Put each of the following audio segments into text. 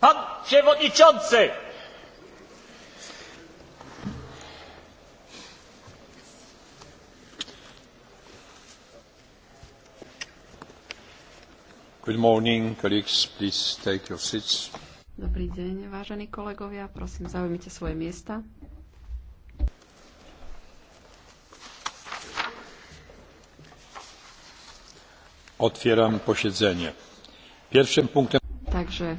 Pan przewodniczący! Good morning, colleagues. Please take your seats. Dobrý deň, vážení kolegovia. Prosím, zaujmite svoje miesta. Otvieram posiedzenie. Pierwszym punktem... Takže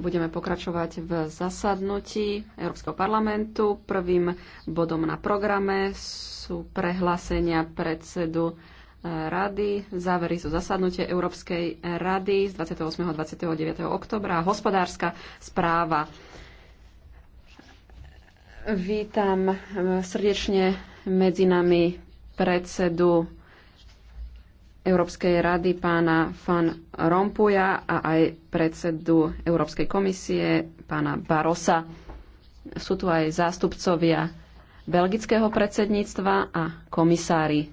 Budeme pokračovať v zasadnutí Európskeho parlamentu. Prvým bodom na programe sú prehlásenia predsedu eh, rady, závery sú zasadnutie Európskej rady z 28. a 29. oktobra a hospodárska správa. Vítam eh, srdečne medzi nami predsedu Európskej rady pána Van Rompuja a aj predsedu Európskej komisie pána Barosa. Sú tu aj zástupcovia belgického predsedníctva a komisári.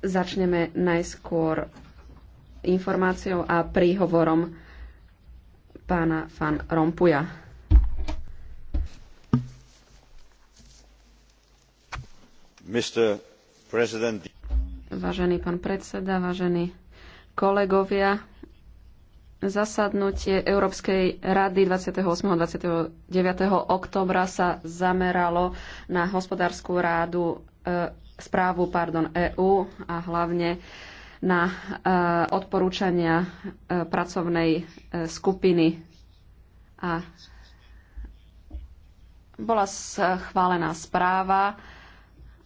Začneme najskôr informáciou a príhovorom pána Van Rompuja. Vážený pán predseda, vážení kolegovia, zasadnutie Európskej rady 28. a 29. oktobra sa zameralo na hospodárskú rádu, e, správu pardon, EÚ a hlavne na e, odporúčania e, pracovnej e, skupiny a bola schválená správa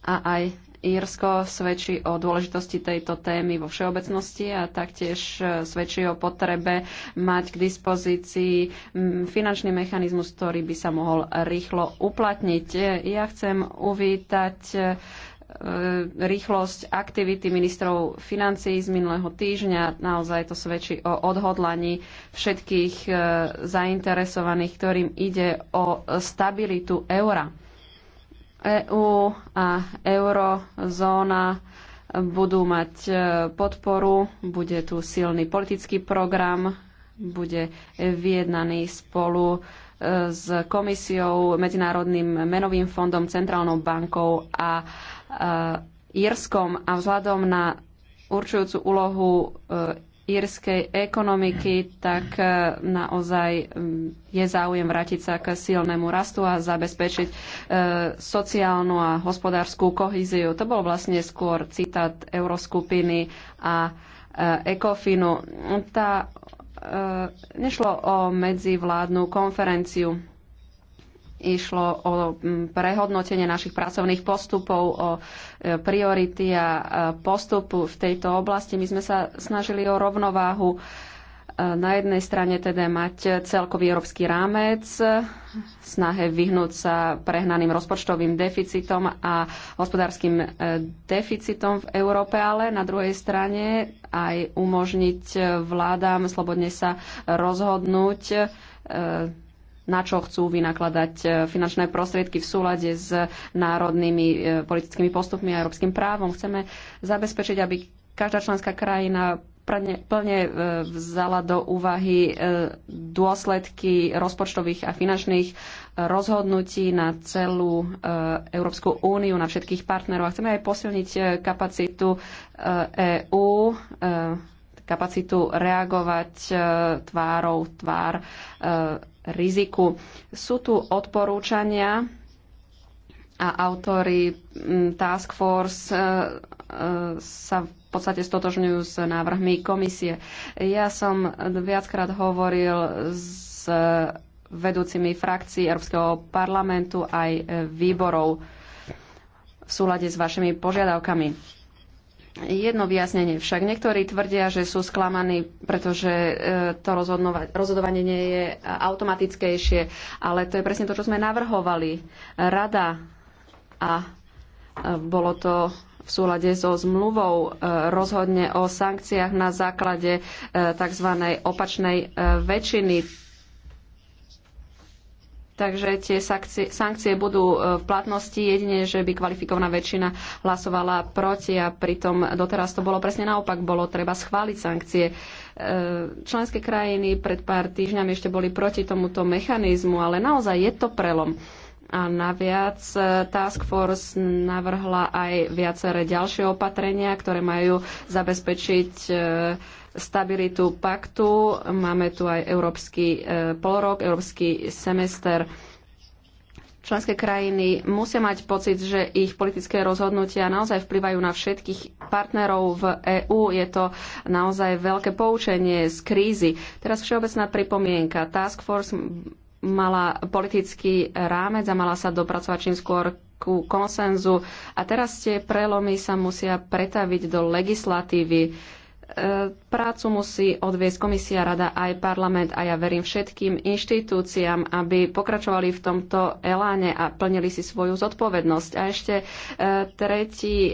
a aj Írsko svedčí o dôležitosti tejto témy vo všeobecnosti a taktiež e, svedčí o potrebe mať k dispozícii finančný mechanizmus, ktorý by sa mohol rýchlo uplatniť. E, ja chcem uvítať e, rýchlosť aktivity ministrov financií z minulého týždňa. Naozaj to svedčí o odhodlaní všetkých zainteresovaných, ktorým ide o stabilitu eura. EÚ EU a eurozóna budú mať e, podporu, bude tu silný politický program, bude vyjednaný spolu e, s komisiou, Medzinárodným menovým fondom, Centrálnou bankou a e, Írskom a vzhľadom na určujúcu úlohu írskej ekonomiky, tak e, naozaj je záujem vrátiť sa k silnému rastu a zabezpečiť e, sociálnu a hospodárskú kohíziu. To bol vlastne skôr citát Euroskupiny a e, Ekofinu. Tá, nešlo o medzivládnu konferenciu Išlo o mm, prehodnotenie našich pracovných postupov, o e, priority a e, postup v tejto oblasti. My sme sa snažili o rovnováhu e, na jednej strane teda mať celkový európsky rámec, snahe vyhnúť sa prehnaným rozpočtovým deficitom a hospodárskym deficitom v Európe, ale na druhej strane aj umožniť vládám slobodne sa rozhodnúť na čo chcú vynakladať e, finančné prostriedky v súlade s národnými e, politickými postupmi a európskym právom. Chceme zabezpečiť, aby každá členská krajina plne e, vzala do úvahy dôsledky rozpočtových a finančných rozhodnutí na celú Európsku úniu, na všetkých partnerov. A chceme aj posilniť kapacitu EÚ, kapacitu reagovať tvárou tvár riziku. Sú tu odporúčania a autory Task Force e, e, sa v podstate stotožňujú s návrhmi komisie. Ja som viackrát hovoril s vedúcimi frakcií Európskeho parlamentu aj výborov v súlade s vašimi požiadavkami. Jedno vyjasnenie však. Niektorí tvrdia, že sú sklamaní, pretože e, to rozhodovanie nie je automatickejšie, ale to je presne to, čo sme navrhovali. Rada a e, bolo to v súlade so zmluvou e, rozhodne o sankciách na základe tzv. opačnej väčšiny Takže tie sankcie, sankcie budú e, v platnosti jedine, že by kvalifikovaná väčšina hlasovala proti a pritom doteraz to bolo presne naopak, bolo treba schváliť sankcie. E, členské krajiny pred pár týždňami ešte boli proti tomuto mechanizmu, ale naozaj je to prelom. A naviac e, Task Force navrhla aj viaceré ďalšie opatrenia, ktoré majú zabezpečiť e, stabilitu paktu. Máme tu aj európsky e, polrok, európsky semester. Členské krajiny musia mať pocit, že ich politické rozhodnutia naozaj vplyvajú na všetkých partnerov v EÚ. Je to naozaj veľké poučenie z krízy. Teraz všeobecná pripomienka. Task Force mala politický rámec a mala sa dopracovať čím skôr ku konsenzu. A teraz tie prelomy sa musia pretaviť do legislatívy. E, prácu musí odviesť komisia, rada aj parlament a ja verím všetkým inštitúciám, aby pokračovali v tomto eláne a plnili si svoju zodpovednosť. A ešte e, tretí e,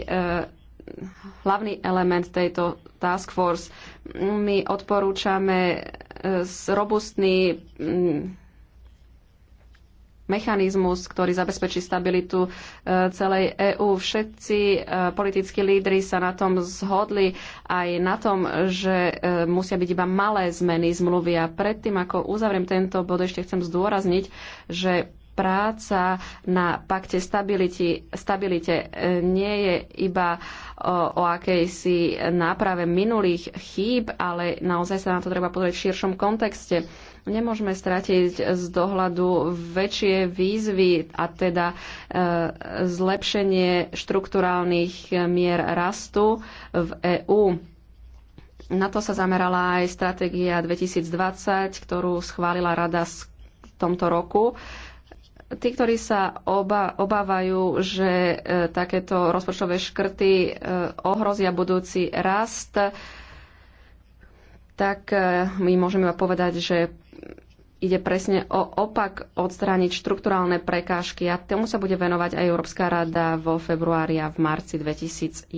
hlavný element tejto task force. My odporúčame robustný mechanizmus, ktorý zabezpečí stabilitu e, celej EÚ. Všetci e, politickí lídry sa na tom zhodli aj na tom, že e, musia byť iba malé zmeny zmluvy. A predtým, ako uzavriem tento bod, ešte chcem zdôrazniť, že práca na pakte stability, stabilite nie je iba o, o akejsi náprave minulých chýb, ale naozaj sa na to treba pozrieť v širšom kontexte. Nemôžeme stratiť z dohľadu väčšie výzvy a teda e, zlepšenie štrukturálnych mier rastu v EÚ. Na to sa zamerala aj stratégia 2020, ktorú schválila rada v tomto roku. Tí, ktorí sa oba, obávajú, že e, takéto rozpočtové škrty e, ohrozia budúci rast, tak e, my môžeme povedať, že ide presne o opak odstrániť štrukturálne prekážky a tomu sa bude venovať aj Európska rada vo februári a v marci 2011.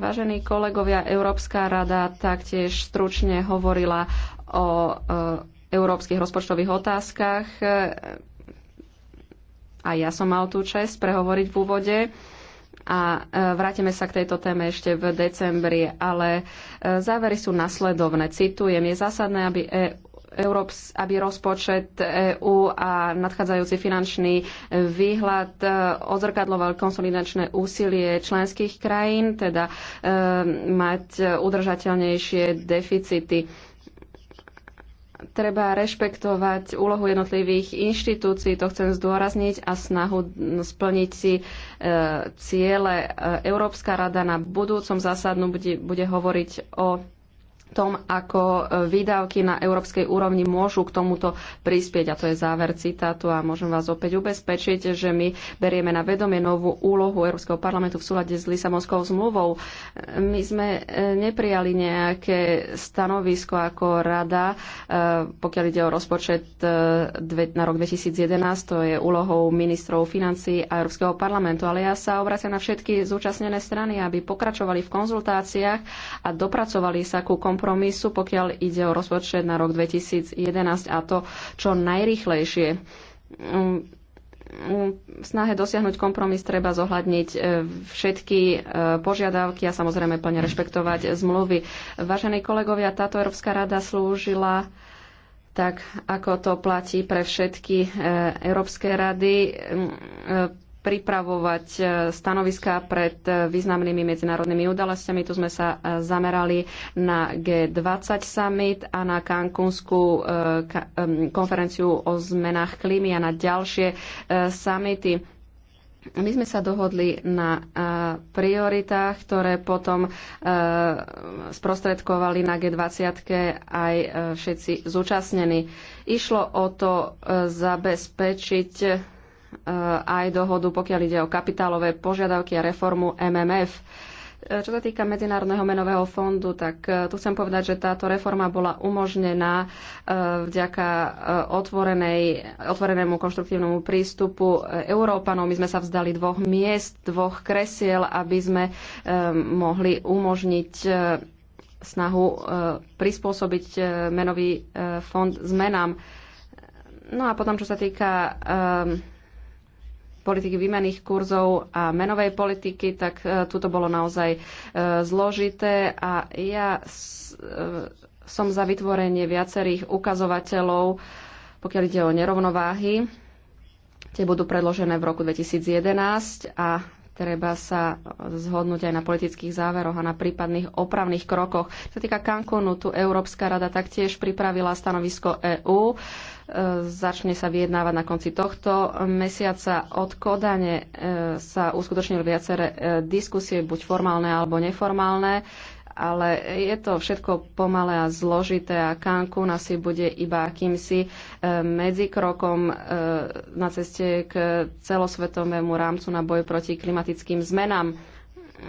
Vážení kolegovia, Európska rada taktiež stručne hovorila o e, európskych rozpočtových otázkach. A ja som mal tú čest prehovoriť v úvode a e, vrátime sa k tejto téme ešte v decembri, ale e, závery sú nasledovné. Citujem, je zásadné, aby EU Európs, aby rozpočet EÚ a nadchádzajúci finančný výhľad e, odzrkadloval konsolidačné úsilie členských krajín, teda e, mať udržateľnejšie deficity. Treba rešpektovať úlohu jednotlivých inštitúcií, to chcem zdôrazniť, a snahu splniť si e, ciele. E, Európska rada na budúcom zásadnu bude, bude hovoriť o tom, ako e, výdavky na európskej úrovni môžu k tomuto prispieť. A to je záver citátu a môžem vás opäť ubezpečiť, že my berieme na vedomie novú úlohu Európskeho parlamentu v súlade s Lisabonskou zmluvou. My sme e, neprijali nejaké stanovisko ako rada, e, pokiaľ ide o rozpočet na rok 2011, to je úlohou ministrov financí a Európskeho parlamentu. Ale ja sa obracia na všetky zúčastnené strany, aby pokračovali v konzultáciách a dopracovali sa ku kompromisu kompromisu, pokiaľ ide o rozpočet na rok 2011 a to čo najrychlejšie. Mm, mm, v snahe dosiahnuť kompromis treba zohľadniť e, všetky e, požiadavky a samozrejme plne rešpektovať zmluvy. Vážení kolegovia, táto Európska rada slúžila tak ako to platí pre všetky e, európske rady. Mm, pripravovať e, stanoviská pred e, významnými medzinárodnými udalosťami. Tu sme sa e, zamerali na G20 summit a na Cancúnskú konferenciu o zmenách klímy a na ďalšie summity. My sme sa dohodli na prioritách, ktoré potom sprostredkovali na G20 aj všetci zúčastnení. Išlo o to zabezpečiť Eh, aj dohodu, pokiaľ ide o kapitálové požiadavky a reformu MMF. Eh, čo sa týka Medzinárodného menového fondu, tak eh, tu chcem povedať, že táto reforma bola umožnená vďaka otvorenej, otvorenému konštruktívnemu prístupu Európanov. My sme sa vzdali dvoch miest, dvoch kresiel, aby sme mohli umožniť snahu prispôsobiť menový fond zmenám. No a potom, čo sa týka politiky výmených kurzov a menovej politiky, tak e, tuto bolo naozaj e, zložité a ja e, som za vytvorenie viacerých ukazovateľov, pokiaľ ide o nerovnováhy. Tie budú predložené v roku 2011 a treba sa zhodnúť aj na politických záveroch a na prípadných opravných krokoch. Čo sa týka Cancúnu, tu Európska rada taktiež pripravila stanovisko EÚ E, začne sa vyjednávať na konci tohto mesiaca. Od Kodane e, sa uskutočnili viaceré e, diskusie, buď formálne alebo neformálne ale je to všetko pomalé a zložité a Cancún asi bude iba akýmsi medzikrokom na ceste k celosvetovému rámcu na boj proti klimatickým zmenám.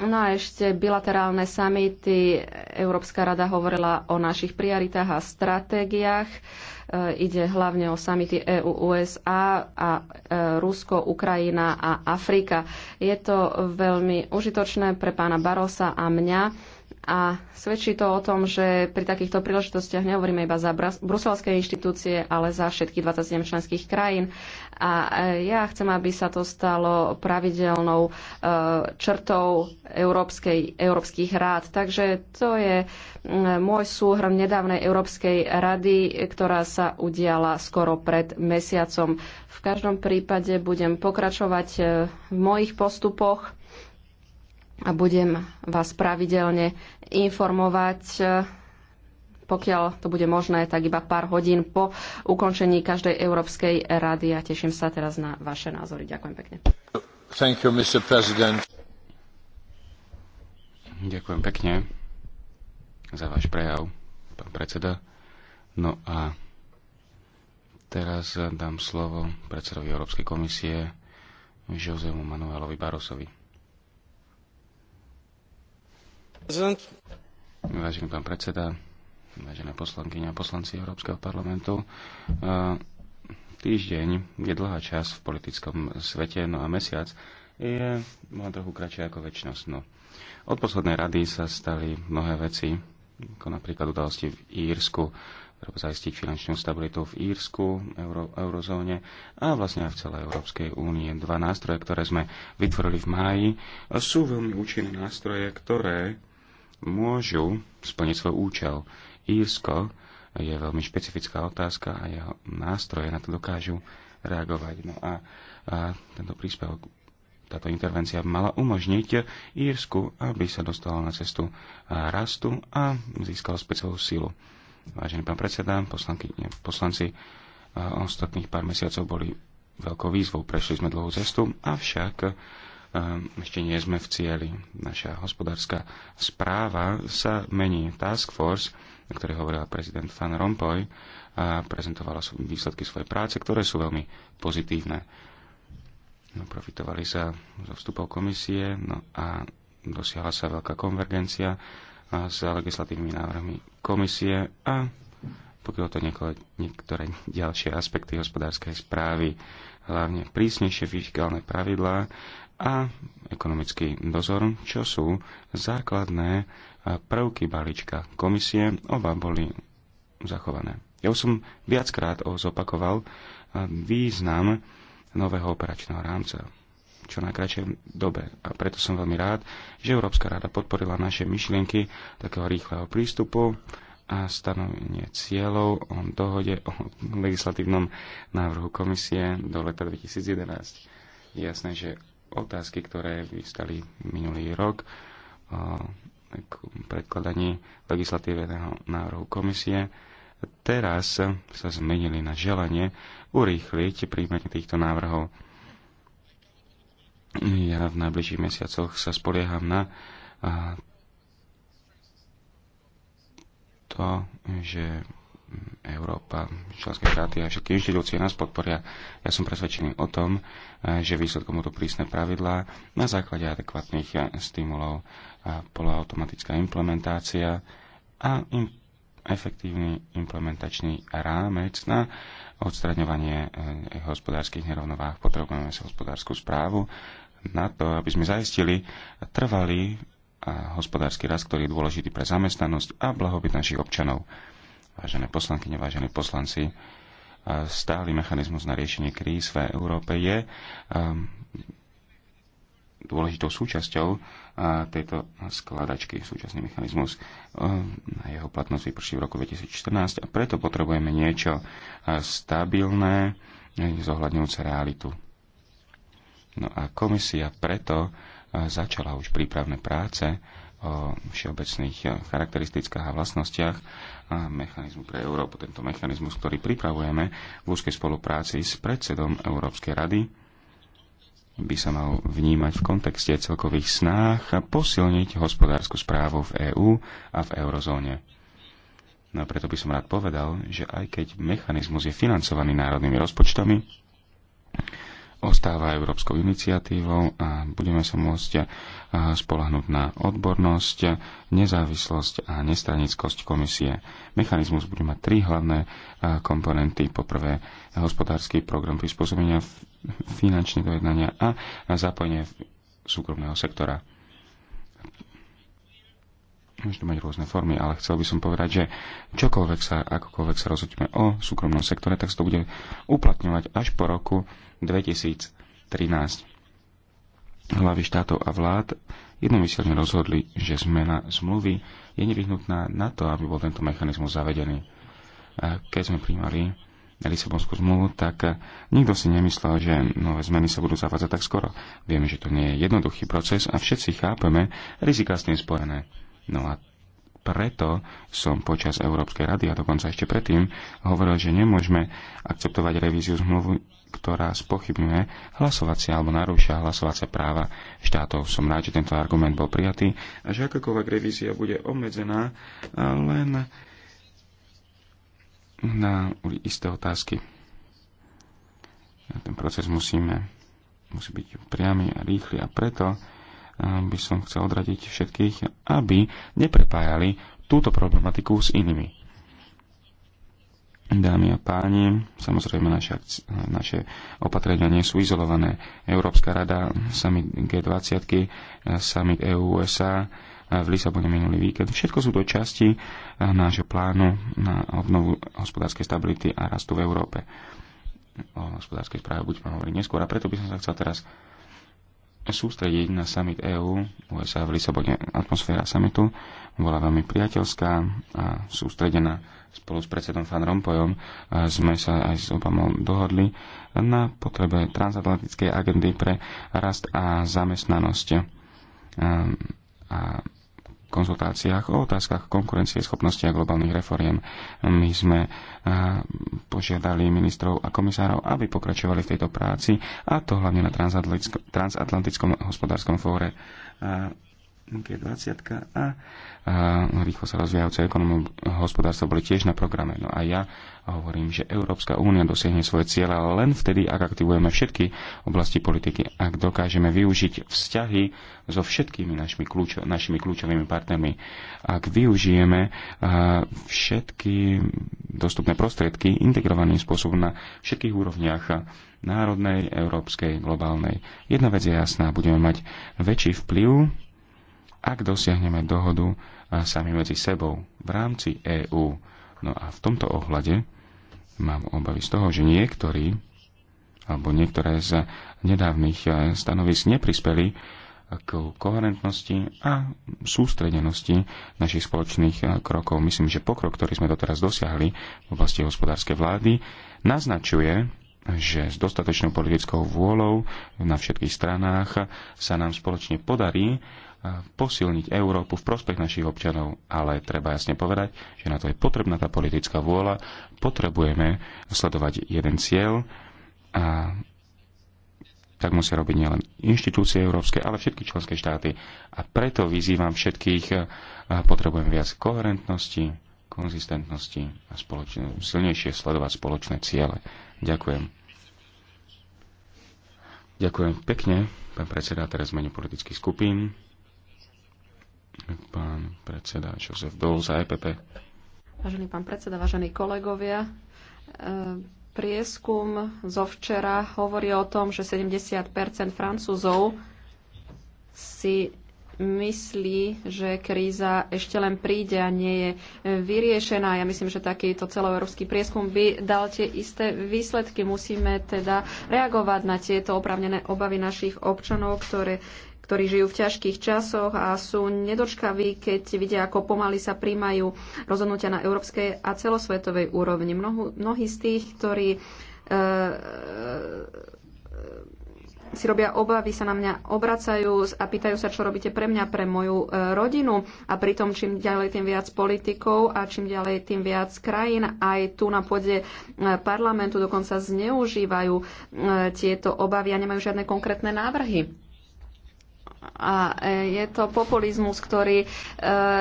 No a ešte bilaterálne samity. Európska rada hovorila o našich prioritách a stratégiách. E, ide hlavne o samity EU-USA a e, Rusko, Ukrajina a Afrika. Je to veľmi užitočné pre pána Barosa a mňa a svedčí to o tom, že pri takýchto príležitostiach nehovoríme iba za bruselské inštitúcie, ale za všetkých 27 členských krajín. A e, ja chcem, aby sa to stalo pravidelnou e, črtou európskej, európskych rád. Takže to je môj súhrn nedávnej Európskej rady, ktorá sa udiala skoro pred mesiacom. V každom prípade budem pokračovať e, v mojich postupoch a budem vás pravidelne informovať e, pokiaľ to bude možné, tak iba pár hodín po ukončení každej Európskej rady a teším sa teraz na vaše názory. Ďakujem pekne. Thank you, Mr. Ďakujem pekne za váš prejav, pán predseda. No a teraz dám slovo predsedovi Európskej komisie Josemu Manuelovi Barosovi. Vážený pán predseda, vážené poslankyňa a poslanci Európskeho parlamentu, e, týždeň je dlhá čas v politickom svete, no a mesiac je možno trochu kratšie ako väčšnosť. No. Od poslednej rady sa stali mnohé veci, ako napríklad udalosti v Írsku, treba zaistiť finančnú stabilitu v Írsku, euro, eurozóne a vlastne aj v celej Európskej únie. Dva nástroje, ktoré sme vytvorili v máji, sú veľmi účinné nástroje, ktoré môžu splniť svoj účel. Írsko je veľmi špecifická otázka a jeho nástroje na to dokážu reagovať. No a, a tento príspevok, táto intervencia mala umožniť Írsku, aby sa dostala na cestu rastu a získala späť svoju silu. Vážený pán predseda, poslanky, nie, poslanci, ostatných pár mesiacov boli veľkou výzvou. Prešli sme dlhú cestu, avšak Ehm, ešte nie sme v cieli. Naša hospodárska správa sa mení. Task Force, o ktorej hovorila prezident Van Rompuy, a prezentovala výsledky svojej práce, ktoré sú veľmi pozitívne. No, profitovali sa zo vstupov komisie no a dosiahla sa veľká konvergencia s legislatívnymi návrhmi komisie a pokiaľ to niekoľ, niektoré ďalšie aspekty hospodárskej správy, hlavne prísnejšie fiskálne pravidlá a ekonomický dozor, čo sú základné e, prvky balíčka komisie, oba boli zachované. Ja už som viackrát zopakoval e, význam nového operačného rámca čo najkračšej dobe. A preto som veľmi rád, že Európska rada podporila naše myšlienky takého rýchleho prístupu a stanovenie cieľov o dohode o legislatívnom návrhu komisie do leta 2011. Je jasné, že otázky, ktoré vystali minulý rok k predkladaní legislatívneho návrhu komisie. Teraz sa zmenili na želanie urýchliť príjmanie týchto návrhov. Ja v najbližších mesiacoch sa spolieham na to, že Európa, členské štáty a všetky inštitúcie nás podporia. Ja som presvedčený o tom, eh, že výsledkom budú prísne pravidlá na základe adekvátnych eh, stimulov, a poloautomatická implementácia a im efektívny implementačný rámec na odstraňovanie eh, hospodárskych nerovnováh. Potrebujeme sa hospodárskú správu na to, aby sme zaistili trvalý hospodársky rast, ktorý je dôležitý pre zamestnanosť a blahobyt našich občanov vážené poslankyne, vážení poslanci, e, stály mechanizmus na riešenie kríz v Európe je e, dôležitou súčasťou e, tejto skladačky, súčasný mechanizmus. Jeho platnosť vyprší v roku 2014 a preto potrebujeme niečo stabilné, zohľadňujúce realitu. No a komisia preto začala už prípravné práce o všeobecných eh, charakteristikách a vlastnostiach a mechanizmu pre Európu. Tento mechanizmus, ktorý pripravujeme v úzkej spolupráci s predsedom Európskej rady, by sa mal vnímať v kontexte celkových snách a posilniť hospodárskú správu v EÚ a v eurozóne. No a preto by som rád povedal, že aj keď mechanizmus je financovaný národnými rozpočtami, ostáva európskou iniciatívou a budeme sa môcť spolahnúť na odbornosť, nezávislosť a nestranickosť komisie. Mechanizmus bude mať tri hlavné komponenty. Poprvé, hospodársky program prispôsobenia finančného dojednania a zapojenie súkromného sektora. Môže to mať rôzne formy, ale chcel by som povedať, že čokoľvek sa, akokoľvek sa rozhodíme o súkromnom sektore, tak sa to bude uplatňovať až po roku 2013. Hlavy štátov a vlád jednomyselne rozhodli, že zmena zmluvy je nevyhnutná na to, aby bol tento mechanizmus zavedený. Keď sme príjmali Lisabonskú zmluvu, tak nikto si nemyslel, že nové zmeny sa budú zavádzať tak skoro. Vieme, že to nie je jednoduchý proces a všetci chápeme riziká s tým spojené. No a preto som počas Európskej rady a dokonca ešte predtým hovoril, že nemôžeme akceptovať revíziu zmluvy, ktorá spochybňuje hlasovacie alebo narúša hlasovacie práva štátov. Som rád, že tento argument bol prijatý a že akákoľvek revízia bude obmedzená len na isté otázky. ten proces musíme, musí byť priamy a rýchly a preto by som chcel odradiť všetkých, aby neprepájali túto problematiku s inými. Dámy a páni, samozrejme naše, naše opatrenia nie sú izolované. Európska rada, summit G20, summit EU-USA v Lisabone minulý víkend. Všetko sú to časti nášho plánu na obnovu hospodárskej stability a rastu v Európe. O hospodárskej správe buďme hovoriť neskôr a preto by som sa chcel teraz sústrediť na summit EÚ USA v Lisabone. Atmosféra summitu bola veľmi priateľská a sústredená. Spolu s predsedom Van Rompuyom e, sme sa aj s Obamom dohodli na potrebe transatlantickej agendy pre rast a zamestnanosť. E, a, a konzultáciách o otázkach konkurencie schopnosti a globálnych reforiem. My sme požiadali ministrov a komisárov, aby pokračovali v tejto práci a to hlavne na transatlantickom hospodárskom fóre G20 a rýchlo sa rozvíjajúce hospodárstva boli tiež na programe. No a ja hovorím, že Európska únia dosiahne svoje cieľa len vtedy, ak aktivujeme všetky oblasti politiky, ak dokážeme využiť vzťahy so všetkými našimi, kľúčo, našimi kľúčovými partnermi, ak využijeme všetky dostupné prostriedky integrovaným spôsobom na všetkých úrovniach národnej, európskej, globálnej. Jedna vec je jasná, budeme mať väčší vplyv ak dosiahneme dohodu sami medzi sebou v rámci EÚ. No a v tomto ohľade mám obavy z toho, že niektorí alebo niektoré z nedávnych stanovisk neprispeli k koherentnosti a sústredenosti našich spoločných krokov. Myslím, že pokrok, ktorý sme doteraz dosiahli v oblasti hospodárskej vlády, naznačuje, že s dostatočnou politickou vôľou na všetkých stranách sa nám spoločne podarí posilniť Európu v prospech našich občanov, ale treba jasne povedať, že na to je potrebná tá politická vôľa, potrebujeme sledovať jeden cieľ a tak musia robiť nielen inštitúcie európske, ale všetky členské štáty. A preto vyzývam všetkých, potrebujem viac koherentnosti, konzistentnosti a spoločne, silnejšie sledovať spoločné ciele. Ďakujem. Ďakujem pekne, pán predseda, teraz mene politických skupín. Pán predseda Josef Dol za EPP. Vážený pán predseda, vážení kolegovia, e, prieskum zo včera hovorí o tom, že 70 Francúzov si myslí, že kríza ešte len príde a nie je vyriešená. Ja myslím, že takýto celoeurópsky prieskum by dal tie isté výsledky. Musíme teda reagovať na tieto opravnené obavy našich občanov, ktoré ktorí žijú v ťažkých časoch a sú nedočkaví, keď vidia, ako pomaly sa príjmajú rozhodnutia na európskej a celosvetovej úrovni. Mnohu, mnohí z tých, ktorí e, e, si robia obavy, sa na mňa obracajú a pýtajú sa, čo robíte pre mňa, pre moju e, rodinu. A pritom čím ďalej, tým viac politikov a čím ďalej, tým viac krajín aj tu na pôde e, parlamentu dokonca zneužívajú e, tieto obavy a nemajú žiadne konkrétne návrhy. A e, je to populizmus, ktorý e,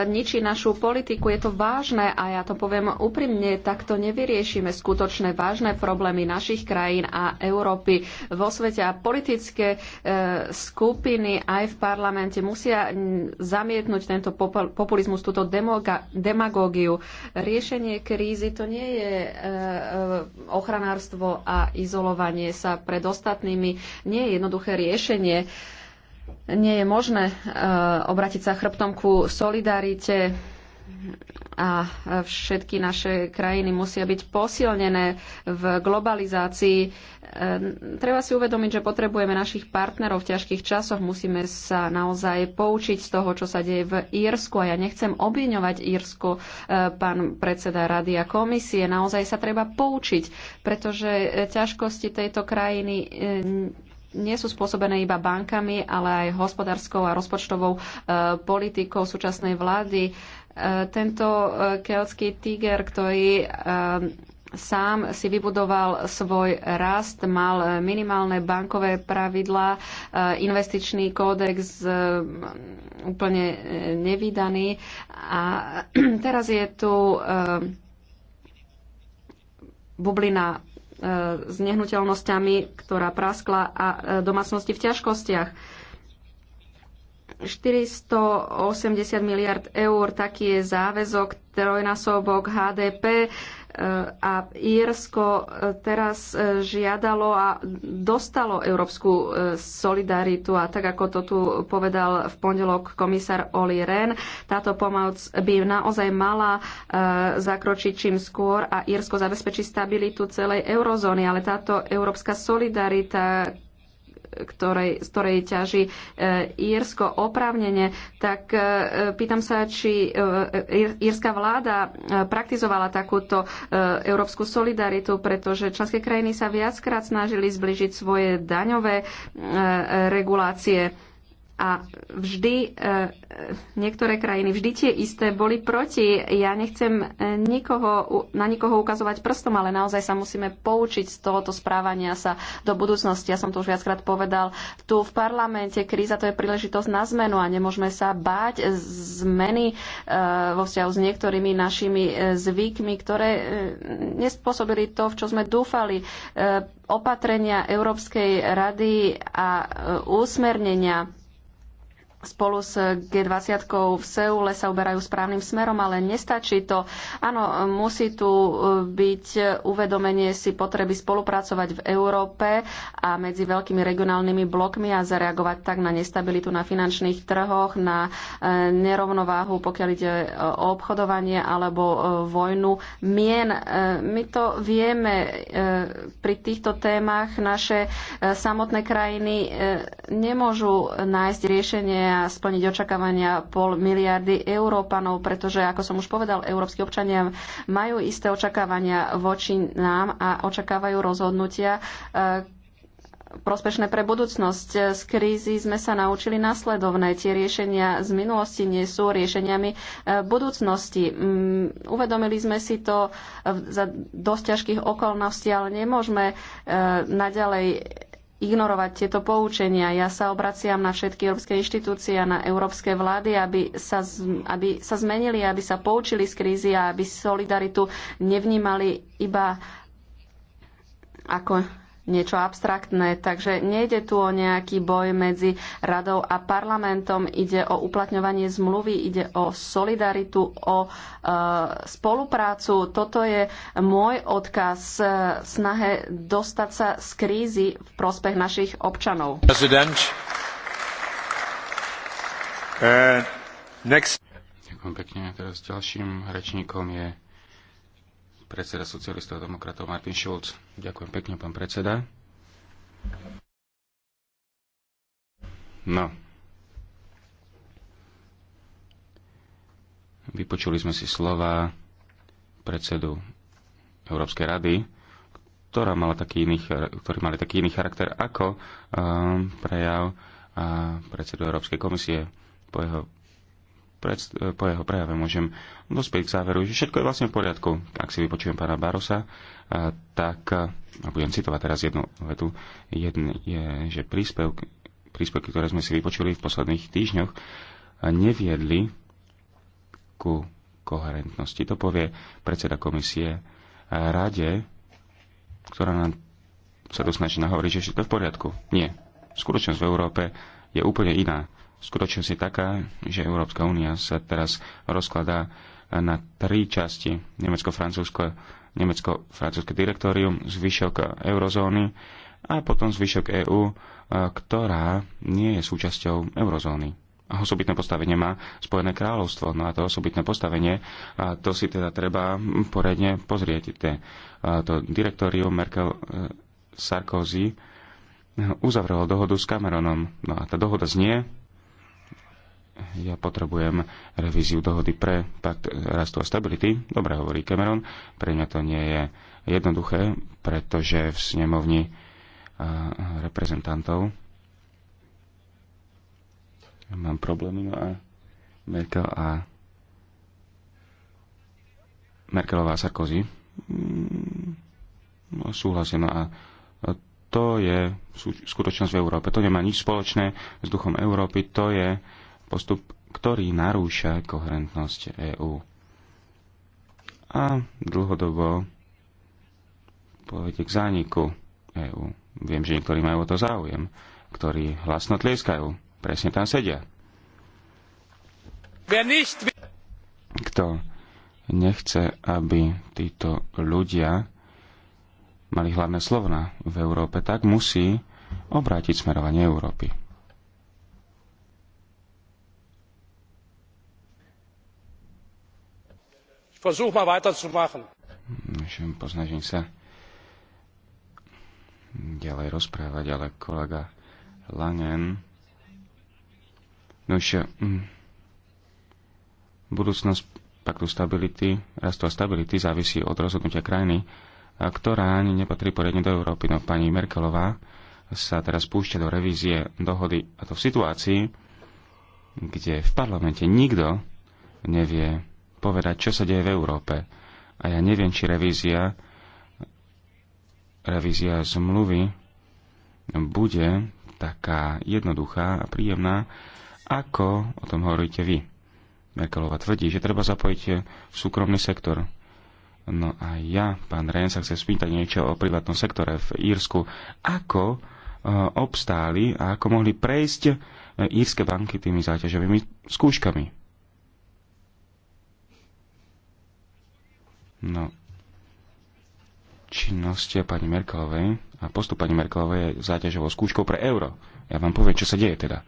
ničí našu politiku. Je to vážne a ja to poviem úprimne, takto nevyriešime skutočné vážne problémy našich krajín a Európy vo svete. A politické e, skupiny aj v parlamente musia zamietnúť tento populizmus, túto demoga, demagógiu. Riešenie krízy to nie je e, e, ochranárstvo a izolovanie sa pred ostatnými. Nie je jednoduché riešenie. E, nie je možné e, obrátiť sa chrbtom ku solidarite a všetky naše krajiny musia byť posilnené v globalizácii. E, treba si uvedomiť, že potrebujeme našich partnerov v ťažkých časoch. Musíme sa naozaj poučiť z toho, čo sa deje v Írsku. A ja nechcem obviňovať Írsko, e, pán predseda rady a komisie. Naozaj sa treba poučiť, pretože ťažkosti tejto krajiny nie sú spôsobené iba bankami, ale aj hospodárskou a rozpočtovou e, politikou súčasnej vlády. E, tento e, keotský tiger, ktorý sám si vybudoval svoj rast, mal minimálne bankové pravidlá, investičný kódex úplne nevydaný. A teraz je tu bublina s nehnuteľnosťami, ktorá praskla a e, domácnosti v ťažkostiach. 480 miliard eur, taký je záväzok, trojnásobok HDP a Írsko e, teraz e, žiadalo a dostalo európsku e, solidaritu a tak ako to tu povedal v pondelok komisár Oli Rehn, táto pomoc by naozaj mala zakročiť čím skôr a Írsko zabezpečí stabilitu celej eurozóny, ale táto európska solidarita, ktorej, z ktorej ťaží e, Írsko oprávnenie, tak e, pýtam sa, či e, írska vláda praktizovala takúto európsku solidaritu, pretože členské krajiny sa viackrát snažili zbližiť svoje daňové regulácie a vždy e, niektoré krajiny, vždy tie isté boli proti. Ja nechcem e, nikoho, na nikoho ukazovať prstom, ale naozaj sa musíme poučiť z tohoto správania sa do budúcnosti. Ja som to už viackrát povedal. Tu v parlamente kríza to je príležitosť na zmenu a nemôžeme sa báť zmeny e, vo vzťahu s niektorými našimi zvykmi, ktoré nespôsobili to, v čo sme dúfali. Opatrenia Európskej rady a úsmernenia spolu s G20 v Seule sa uberajú správnym smerom, ale nestačí to. Áno, musí tu e, byť uvedomenie si potreby spolupracovať v Európe a medzi veľkými regionálnymi blokmi a zareagovať tak na nestabilitu na finančných trhoch, na e, nerovnováhu, pokiaľ ide o obchodovanie alebo e, vojnu mien. My to vieme pri týchto témach. Naše samotné krajiny nemôžu nájsť riešenie a splniť očakávania pol miliardy Európanov, pretože, ako som už povedal, európsky občania majú isté očakávania voči nám a očakávajú rozhodnutia, eh, prospešné pre budúcnosť. Z krízy sme sa naučili nasledovné. Tie riešenia z minulosti nie sú riešeniami eh, budúcnosti. Mm, uvedomili sme si to eh, za dosť ťažkých okolností, ale nemôžeme naďalej ignorovať tieto poučenia. Ja sa obraciam na všetky európske inštitúcie a na európske vlády, aby sa, aby sa zmenili, aby sa poučili z krízy a aby solidaritu nevnímali iba ako niečo abstraktné. Takže nejde tu o nejaký boj medzi radou a parlamentom, ide o uplatňovanie zmluvy, ide o solidaritu, o e, spoluprácu. Toto je môj odkaz e, snahe dostať sa z krízy v prospech našich občanov. Uh, Ďakujem pekne. Teraz ďalším rečníkom je predseda socialistov a demokratov Martin Šulc. Ďakujem pekne, pán predseda. No. Vypočuli sme si slova predsedu Európskej rady, ktorá mala taký iný, ktorý mali taký iný charakter ako ehm, prejav uh, predsedu Európskej komisie po jeho po jeho prejave môžem dospieť k záveru, že všetko je vlastne v poriadku. Ak si vypočujem pána Barosa, tak, a budem citovať teraz jednu vetu, jedn, je, že príspevky, príspevky, ktoré sme si vypočuli v posledných týždňoch, neviedli ku koherentnosti. To povie predseda komisie rade, ktorá nám sa dosnačí nahovoriť, že všetko je v poriadku. Nie. Skutočnosť v Európe je úplne iná skutočnosť je taká, že Európska únia sa teraz rozkladá na tri časti. Nemecko-francúzsko, nemecko-francúzske direktórium, zvyšok eurozóny a potom zvyšok EÚ, ktorá nie je súčasťou eurozóny. A osobitné postavenie má Spojené kráľovstvo. No a to osobitné postavenie, a to si teda treba poriadne pozrieť. To direktórium Merkel e, Sarkozy uzavrelo dohodu s Cameronom. No a tá dohoda znie, ja potrebujem revíziu dohody pre pakt rastu a stability. Dobre hovorí Cameron, pre mňa to nie je jednoduché, pretože v snemovni reprezentantov mám problémy, no a Merkel a Merkelová Sarkozy mm, no, súhlasia, no a to je skutočnosť v Európe. To nemá nič spoločné s duchom Európy, to je postup, ktorý narúša koherentnosť EÚ. A dlhodobo povede k zániku EÚ. Viem, že niektorí majú o to záujem, ktorí hlasno tlieskajú. Presne tam sedia. Kto nechce, aby títo ľudia mali hlavné slovna v Európe, tak musí obrátiť smerovanie Európy. Versuch mal weiterzumachen. Poznažím sa ďalej rozprávať, ale kolega Langen... No ešte... Mm, budúcnosť paktu stability, rastu a stability závisí od rozhodnutia krajiny, ktorá ani nepatrí poriadne do Európy. No pani Merkelová sa teraz púšťa do revízie dohody, a to v situácii, kde v parlamente nikto nevie, povedať, čo sa deje v Európe. A ja neviem, či revízia, revízia zmluvy bude taká jednoduchá a príjemná, ako o tom hovoríte vy. Merkelova tvrdí, že treba zapojiť súkromný sektor. No a ja, pán Ren, sa chcem spýtať niečo o privátnom sektore v Írsku. Ako e, obstáli a ako mohli prejsť e, írske banky tými záťažovými skúškami? No, činnosť pani Merkelovej a postup pani Merkelovej je záťažovou skúškou pre euro. Ja vám poviem, čo sa deje teda.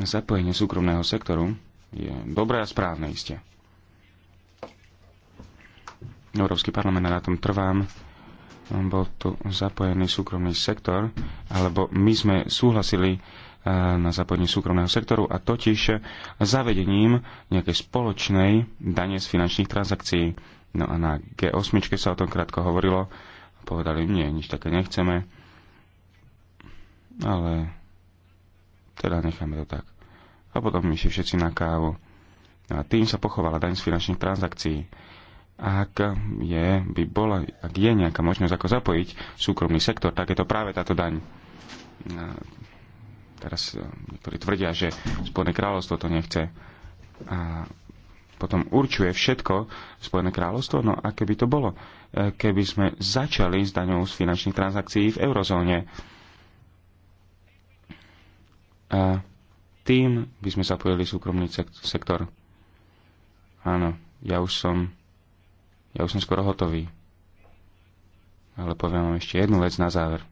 Zapojenie súkromného sektoru je dobré a správne iste. Európsky parlament na tom trvám bol tu zapojený súkromný sektor, alebo my sme súhlasili e, na zapojení súkromného sektoru a totiž zavedením nejakej spoločnej dane z finančných transakcií. No a na G8 sa o tom krátko hovorilo. Povedali, nie, nič také nechceme. Ale teda necháme to tak. A potom išli všetci na kávu. No a tým sa pochovala daň z finančných transakcií ak je, by bola, ak je nejaká možnosť ako zapojiť súkromný sektor, tak je to práve táto daň. Teraz e, niektorí tvrdia, že Spojené kráľovstvo to nechce. A potom určuje všetko Spojené kráľovstvo, no a keby to bolo, e, keby sme začali s daňou z finančných transakcií v eurozóne, a tým by sme zapojili súkromný sektor. Áno, ja už som ja už som skoro hotový. Ale poviem vám ešte jednu vec na záver.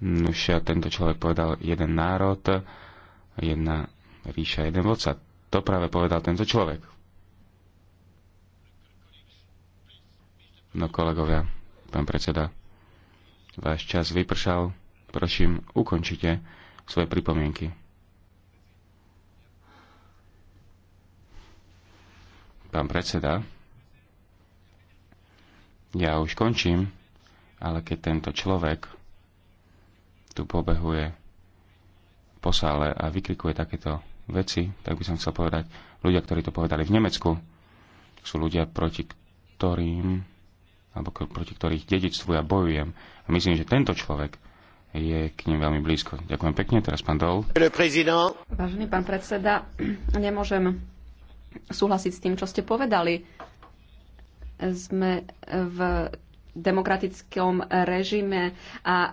No a tento človek povedal jeden národ, jedna ríša, jeden vodca. To práve povedal tento človek. No kolegovia, pán predseda, váš čas vypršal. Prosím, ukončite svoje pripomienky. Pán predseda, ja už končím, ale keď tento človek tu pobehuje po sále a vykrikuje takéto veci, tak by som chcel povedať, ľudia, ktorí to povedali v Nemecku, sú ľudia, proti ktorým alebo proti ktorých dedictvu ja bojujem. A myslím, že tento človek je k nim veľmi blízko. Ďakujem pekne, teraz pán Dol. Vážený pán predseda, nemôžem súhlasiť s tým, čo ste povedali. Sme v demokratickom režime a e,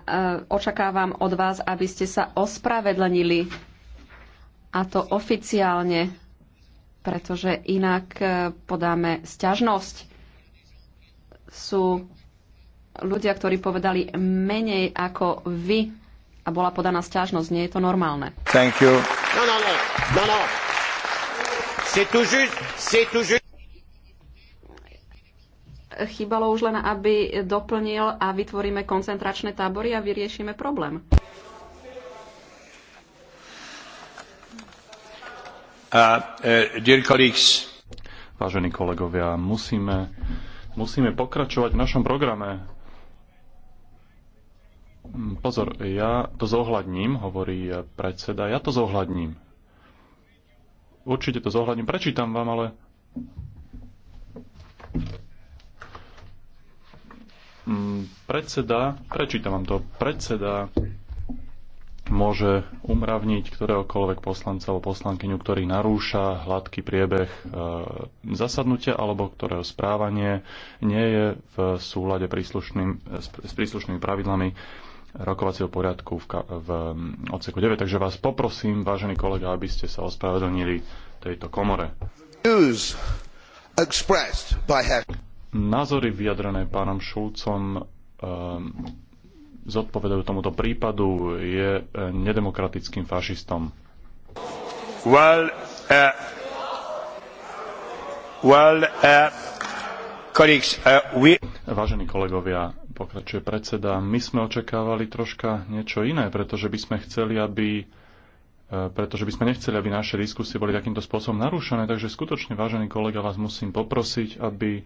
očakávam od vás, aby ste sa ospravedlnili a to oficiálne, pretože inak e, podáme sťažnosť. Sú ľudia, ktorí povedali menej ako vy a bola podaná sťažnosť. Nie je to normálne. Thank you. No, no, no. no, no. C'est tout juste, c'est tout juste. Chýbalo už len, aby doplnil a vytvoríme koncentračné tábory a vyriešime problém. Uh, uh, dear colleagues. Vážení kolegovia, musíme musíme pokračovať v našom programe. Pozor, ja to zohľadním, hovorí predseda, ja to zohľadním. Určite to zohľadním. Prečítam vám, ale... Mm, predseda, prečítam vám to, predseda môže umravniť ktoréhokoľvek poslanca alebo poslankyňu, ktorý narúša hladký priebeh e, zasadnutia alebo ktorého správanie nie je v súlade príslušným, s príslušnými pravidlami rokovacieho poriadku v, v odseku 9. Takže vás poprosím, vážený kolega, aby ste sa ospravedlnili tejto komore. Názory vyjadrené pánom Šulcom um, zodpovedajú tomuto prípadu, je e, nedemokratickým fašistom. Well, uh, well, uh, Uh, Vážení kolegovia, pokračuje predseda, my sme očakávali troška niečo iné, pretože by sme chceli, aby eh, pretože by sme nechceli, aby naše diskusie boli takýmto spôsobom narušené. Takže skutočne, vážený kolega, vás musím poprosiť, aby eh,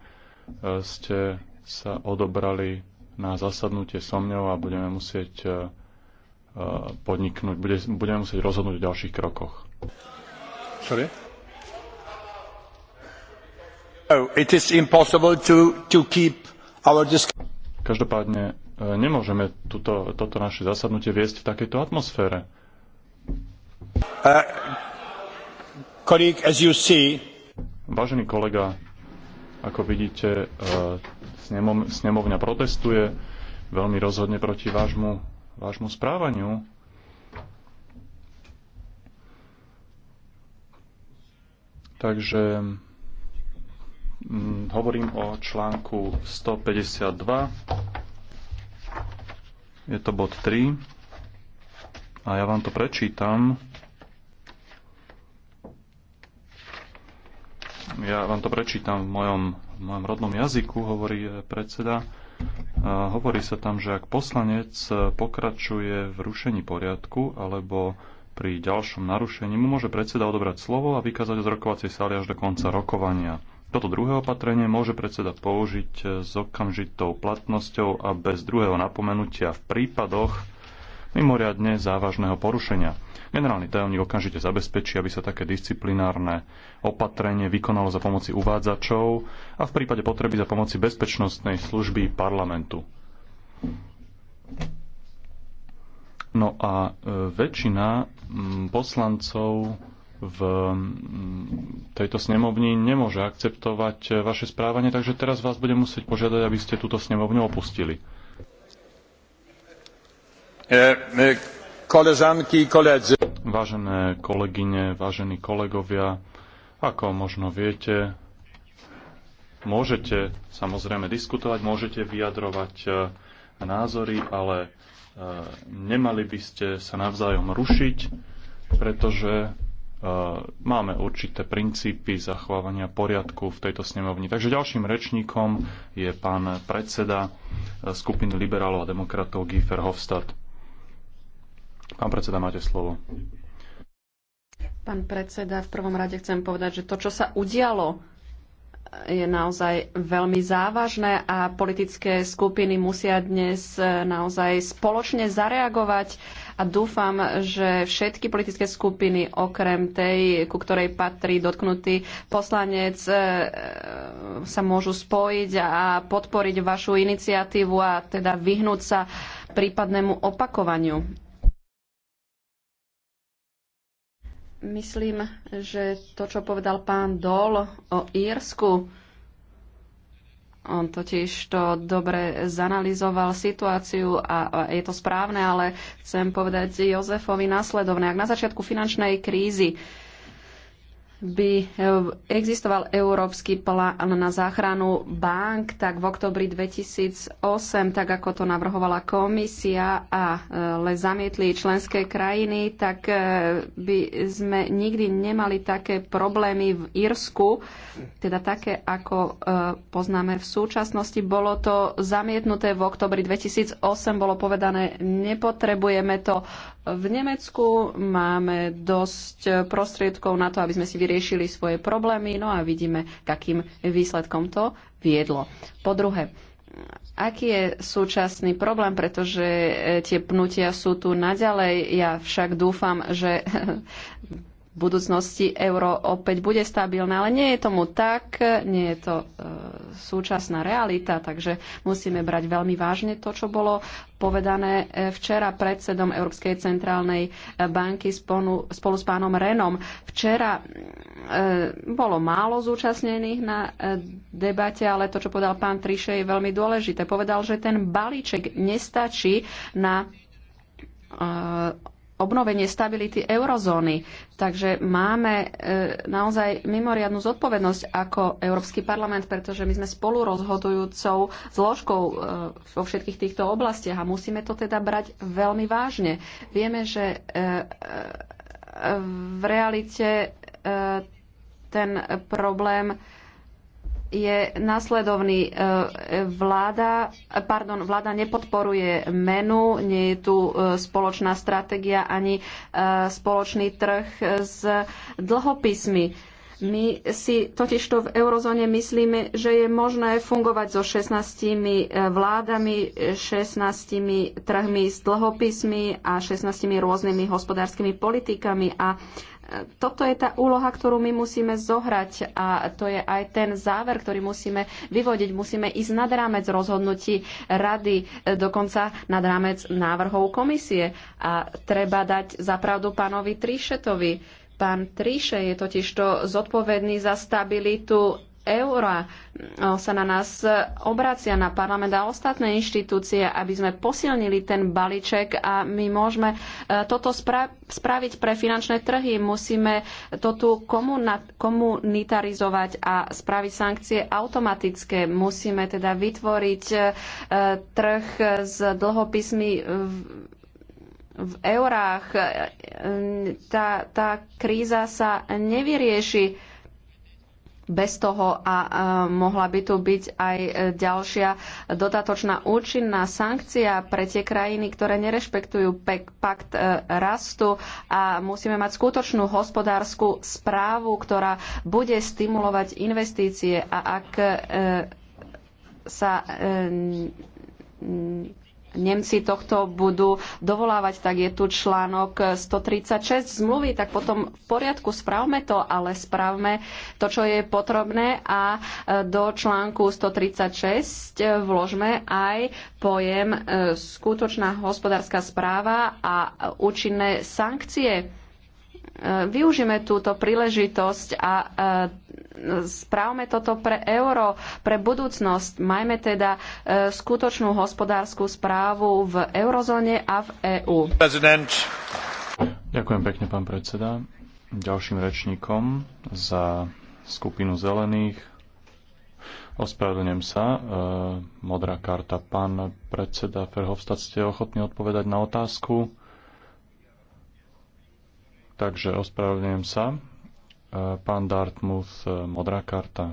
ste sa odobrali na zasadnutie so mňou a budeme musieť eh, podniknúť, budeme musieť rozhodnúť o ďalších krokoch. Sorry? Oh, Každopádne e, nemôžeme tuto, toto naše zasadnutie viesť v takejto atmosfére. Uh, colleague, see... Vážený kolega, ako vidíte, e, snemovňa protestuje veľmi rozhodne proti vášmu, vášmu správaniu. Takže Mm, hovorím o článku 152. Je to bod 3. A ja vám to prečítam. Ja vám to prečítam v mojom, v mojom rodnom jazyku, hovorí eh, predseda. A hovorí sa tam, že ak poslanec eh, pokračuje v rušení poriadku alebo pri ďalšom narušení mu môže predseda odobrať slovo a vykázať z rokovacej sály až do konca rokovania. Toto druhé opatrenie môže predseda použiť eh, s okamžitou platnosťou a bez druhého napomenutia v prípadoch mimoriadne závažného porušenia. Generálny tajomník okamžite zabezpečí, aby sa také disciplinárne opatrenie vykonalo za pomoci uvádzačov a v prípade potreby za pomoci bezpečnostnej služby parlamentu. No a eh, väčšina mm, poslancov v mm, tejto snemovni nemôže akceptovať e, vaše správanie, takže teraz vás budem musieť požiadať, aby ste túto snemovňu opustili. E, e, koleżanki koledzy. Vážené kolegyne, vážení kolegovia, ako možno viete, môžete samozrejme diskutovať, môžete vyjadrovať názory, ale nemali by ste sa navzájom rušiť, pretože Eh, máme určité princípy zachovávania poriadku v tejto snemovni. Takže ďalším rečníkom je pán predseda eh, skupiny liberálov a demokratov Giefer Hofstadt. Pán predseda, máte slovo. Pán predseda, v prvom rade chcem povedať, že to, čo sa udialo, eh, je naozaj veľmi závažné a politické skupiny musia dnes naozaj spoločne zareagovať a dúfam, že všetky politické skupiny, okrem tej, ku ktorej patrí dotknutý poslanec, e, sa môžu spojiť a podporiť vašu iniciatívu a teda vyhnúť sa prípadnému opakovaniu. Myslím, že to, čo povedal pán Dol o Írsku, on totiž to dobre zanalizoval situáciu a je to správne, ale chcem povedať Jozefovi následovne. Ak na začiatku finančnej krízy by eh, existoval európsky plán na záchranu bank, tak v oktobri 2008, tak ako to navrhovala komisia a eh, le zamietli členské krajiny, tak eh, by sme nikdy nemali také problémy v Írsku, teda také, ako poznáme v súčasnosti. Bolo to zamietnuté v oktobri 2008, bolo povedané, nepotrebujeme to v Nemecku máme dosť prostriedkov na to, aby sme si vyriešili svoje problémy, no a vidíme, k akým výsledkom to viedlo. Po druhé, aký je súčasný problém, pretože tie pnutia sú tu naďalej. Ja však dúfam, že v budúcnosti euro opäť bude stabilné, ale nie je tomu tak, nie je to e, súčasná realita, takže musíme brať veľmi vážne to, čo bolo povedané e, včera predsedom Európskej centrálnej e, banky spolu, spolu s pánom Renom. Včera e, bolo málo zúčastnených na e, debate, ale to, čo povedal pán Triše, je veľmi dôležité. Povedal, že ten balíček nestačí na e, obnovenie stability eurozóny. Takže máme e, naozaj mimoriadnu zodpovednosť ako Európsky parlament, pretože my sme spolurozhodujúcou zložkou e, vo všetkých týchto oblastiach a musíme to teda brať veľmi vážne. Vieme, že e, v realite ten problém je následovný. E, vláda, pardon, vláda nepodporuje menu, nie je tu e, spoločná stratégia ani e, spoločný trh s dlhopismi. My si totižto v eurozóne myslíme, že je možné fungovať so 16 vládami, 16 trhmi s dlhopismi a 16 rôznymi hospodárskymi politikami a toto je tá úloha, ktorú my musíme zohrať a to je aj ten záver, ktorý musíme vyvodiť. Musíme ísť nad rámec rozhodnutí rady, dokonca nad rámec návrhov komisie a treba dať zapravdu pánovi Trišetovi. Pán Triše je totiž to zodpovedný za stabilitu eura sa na nás obracia na parlament a ostatné inštitúcie, aby sme posilnili ten balíček a my môžeme e, toto spra- spraviť pre finančné trhy. Musíme to tu komunitarizovať a spraviť sankcie automatické. Musíme teda vytvoriť e, trh s dlhopismi v v eurách e, tá, tá kríza sa nevyrieši bez toho a mohla by tu byť aj e, ďalšia dodatočná účinná sankcia pre tie krajiny, ktoré nerešpektujú pakt e, rastu a musíme mať skutočnú hospodárskú správu, ktorá bude stimulovať investície a ak e, sa Nemci tohto budú dovolávať, tak je tu článok 136 zmluvy, tak potom v poriadku spravme to, ale spravme to, čo je potrebné a e, do článku 136 vložme aj pojem e, skutočná hospodárska správa a účinné sankcie. E, Využíme túto príležitosť a správme toto pre euro, pre budúcnosť. Majme teda e, skutočnú hospodárskú správu v eurozóne a v EÚ. Ďakujem pekne, pán predseda. Ďalším rečníkom za skupinu zelených Ospravedlňujem sa. E, modrá karta. Pán predseda Ferhovstad, ste ochotní odpovedať na otázku? Takže ospravedlňujem sa. Pán Dartmouth, e, modrá karta.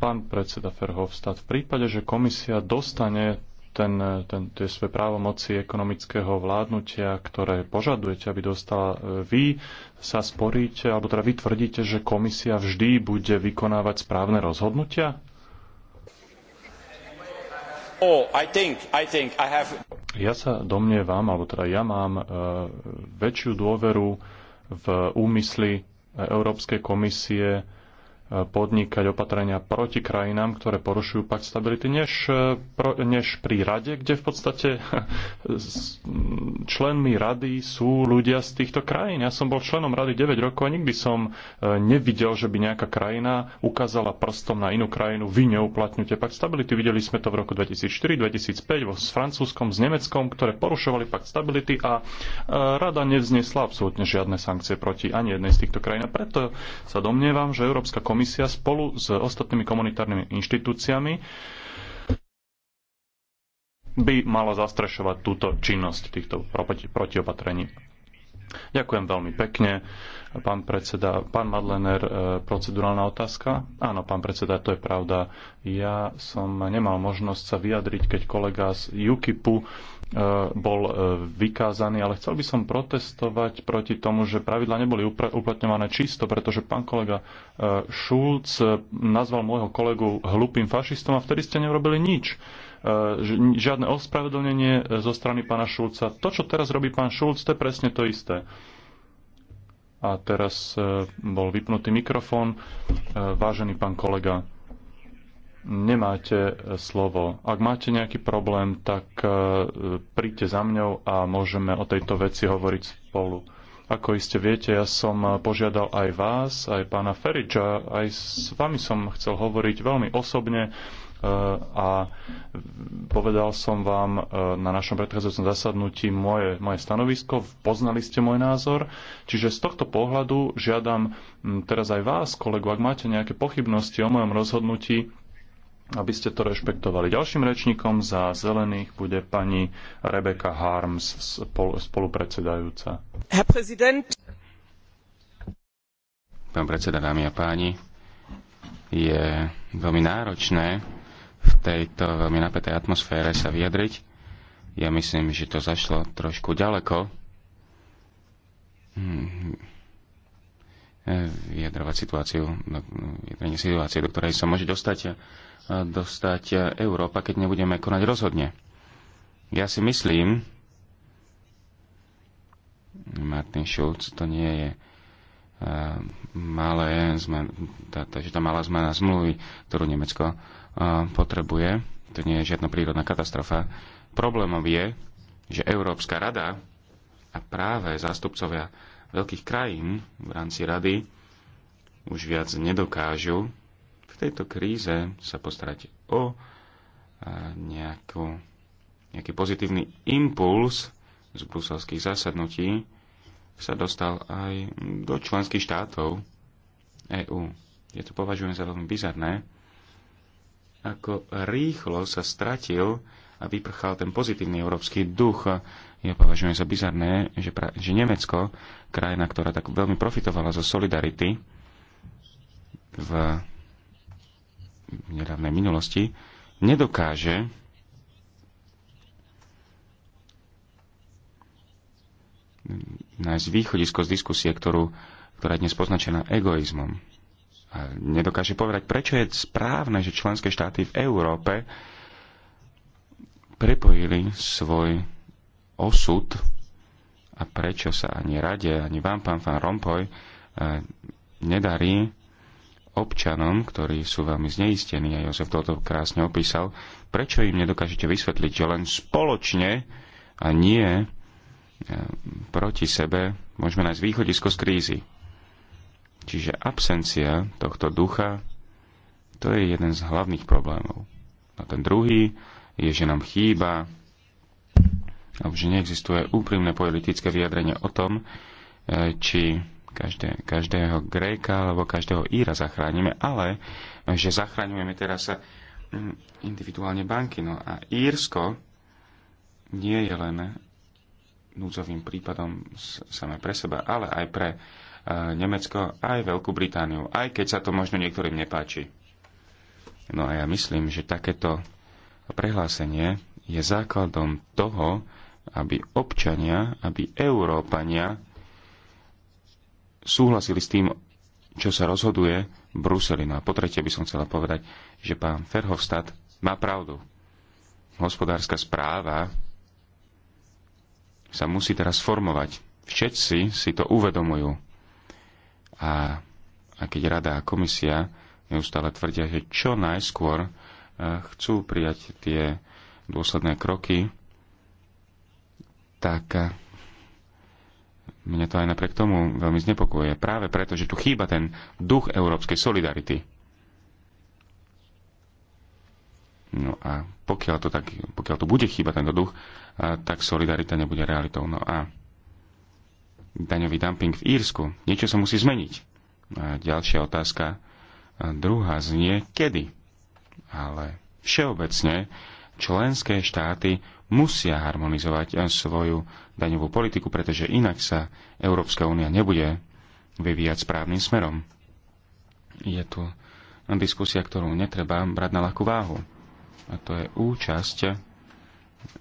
Pán predseda Ferhovstad, v prípade, že komisia dostane ten, ten, tie svoje právomoci ekonomického vládnutia, ktoré požadujete, aby dostala e, vy, sa sporíte, alebo teda vy tvrdíte, že komisia vždy bude vykonávať správne rozhodnutia? Oh, ja sa domnievam, alebo teda ja mám e, väčšiu dôveru v úmysly Európskej komisie podnikať opatrenia proti krajinám, ktoré porušujú pakt stability, než, e, než pri rade, kde v podstate členmi rady sú ľudia z týchto krajín. Ja som bol členom rady 9 rokov a nikdy som e, nevidel, že by nejaká krajina ukázala prstom na inú krajinu, vy neuplatňujte pakt stability. Videli sme to v roku 2004, 2005 vo, s Francúzskom, s Nemeckom, ktoré porušovali pakt stability a e, rada nevznesla absolútne žiadne sankcie proti ani jednej z týchto krajín. A preto sa domnievam, že Európska komisia komisia spolu s ostatnými komunitárnymi inštitúciami by mala zastrešovať túto činnosť týchto protiopatrení. Ďakujem veľmi pekne. Pán predseda, pán Madlener, e, procedurálna otázka? Áno, pán predseda, to je pravda. Ja som nemal možnosť sa vyjadriť, keď kolega z UKIPu E, bol e, vykázaný, ale chcel by som protestovať proti tomu, že pravidla neboli uplatňované čisto, pretože pán kolega e, Šulc nazval môjho kolegu hlupým fašistom a vtedy ste neurobili nič. Žiadne ospravedlnenie zo strany pána Šulca. To, čo teraz robí pán Šulc, to je presne to isté. A teraz bol vypnutý mikrofón. Vážený pán kolega, nemáte e, slovo. Ak máte nejaký problém, tak e, príďte za mňou a môžeme o tejto veci hovoriť spolu. Ako iste viete, ja som e, požiadal aj vás, aj pána Feriča, aj s vami som chcel hovoriť veľmi osobne a povedal som vám na našom predchádzajúcom zasadnutí moje, moje stanovisko, poznali ste môj názor, čiže z tohto pohľadu žiadam teraz aj vás, kolegu, ak máte nejaké pochybnosti o mojom rozhodnutí, aby ste to rešpektovali. Ďalším rečníkom za zelených bude pani Rebeka Harms, spolupredsedajúca. Herr prezident. Pán predseda, dámy a páni, je veľmi náročné v tejto veľmi napätej atmosfére sa vyjadriť. Ja myslím, že to zašlo trošku ďaleko. Hmm. Eh, vyjadrovať situáciu, no, no, vyjadrenie situácie, do ktorej sa môže dostať dostať e, Európa, keď nebudeme konať rozhodne. Ja si myslím, Martin Schulz, to nie je e, malé zmen, tá malá zmena zmluvy, ktorú Nemecko e, potrebuje, to nie je žiadna prírodná katastrofa. Problémom je, že Európska rada a práve zástupcovia veľkých krajín v rámci rady už viac nedokážu tejto kríze sa postarať o nejakú, nejaký pozitívny impuls z bruselských zasadnutí, sa dostal aj do členských štátov EÚ. Je to považujem za veľmi bizarné, ako rýchlo sa stratil a vyprchal ten pozitívny európsky duch. Ja považujem za bizarné, že, pra, že Nemecko, krajina, ktorá tak veľmi profitovala zo solidarity v nedávnej minulosti, nedokáže nájsť východisko z diskusie, ktorú, ktorá je dnes poznačená egoizmom. A nedokáže povedať, prečo je správne, že členské štáty v Európe prepojili svoj osud a prečo sa ani rade, ani vám, pán Van Rompuy, eh, nedarí občanom, ktorí sú veľmi zneistení, a Jozef toto krásne opísal, prečo im nedokážete vysvetliť, že len spoločne a nie e, proti sebe môžeme nájsť východisko z krízy. Čiže absencia tohto ducha, to je jeden z hlavných problémov. A ten druhý je, že nám chýba, alebo že neexistuje úprimné politické vyjadrenie o tom, e, či každé, každého Gréka alebo každého Íra zachránime, ale že zachraňujeme teraz hm, individuálne banky. No a Írsko nie je len núdzovým prípadom samé pre seba, ale aj pre eh, Nemecko, aj Veľkú Britániu, aj keď sa to možno niektorým nepáči. No a ja myslím, že takéto prehlásenie je základom toho, aby občania, aby Európania súhlasili s tým, čo sa rozhoduje v Bruseli. No a po tretie by som chcela povedať, že pán Ferhovstad má pravdu. Hospodárska správa sa musí teraz formovať. Všetci si to uvedomujú. A, a keď rada a komisia neustále tvrdia, že čo najskôr eh, chcú prijať tie dôsledné kroky, tak eh, Mňa to aj napriek tomu veľmi znepokojuje. Práve preto, že tu chýba ten duch európskej solidarity. No a pokiaľ, to tak, pokiaľ tu bude chýba tento duch, tak solidarita nebude realitou. No a daňový dumping v Írsku. Niečo sa musí zmeniť. A ďalšia otázka. A druhá znie, kedy? Ale všeobecne členské štáty musia harmonizovať eh, svoju daňovú politiku, pretože inak sa Európska únia nebude vyvíjať správnym smerom. Je tu diskusia, ktorú netreba brať na ľahkú váhu. A to je účasť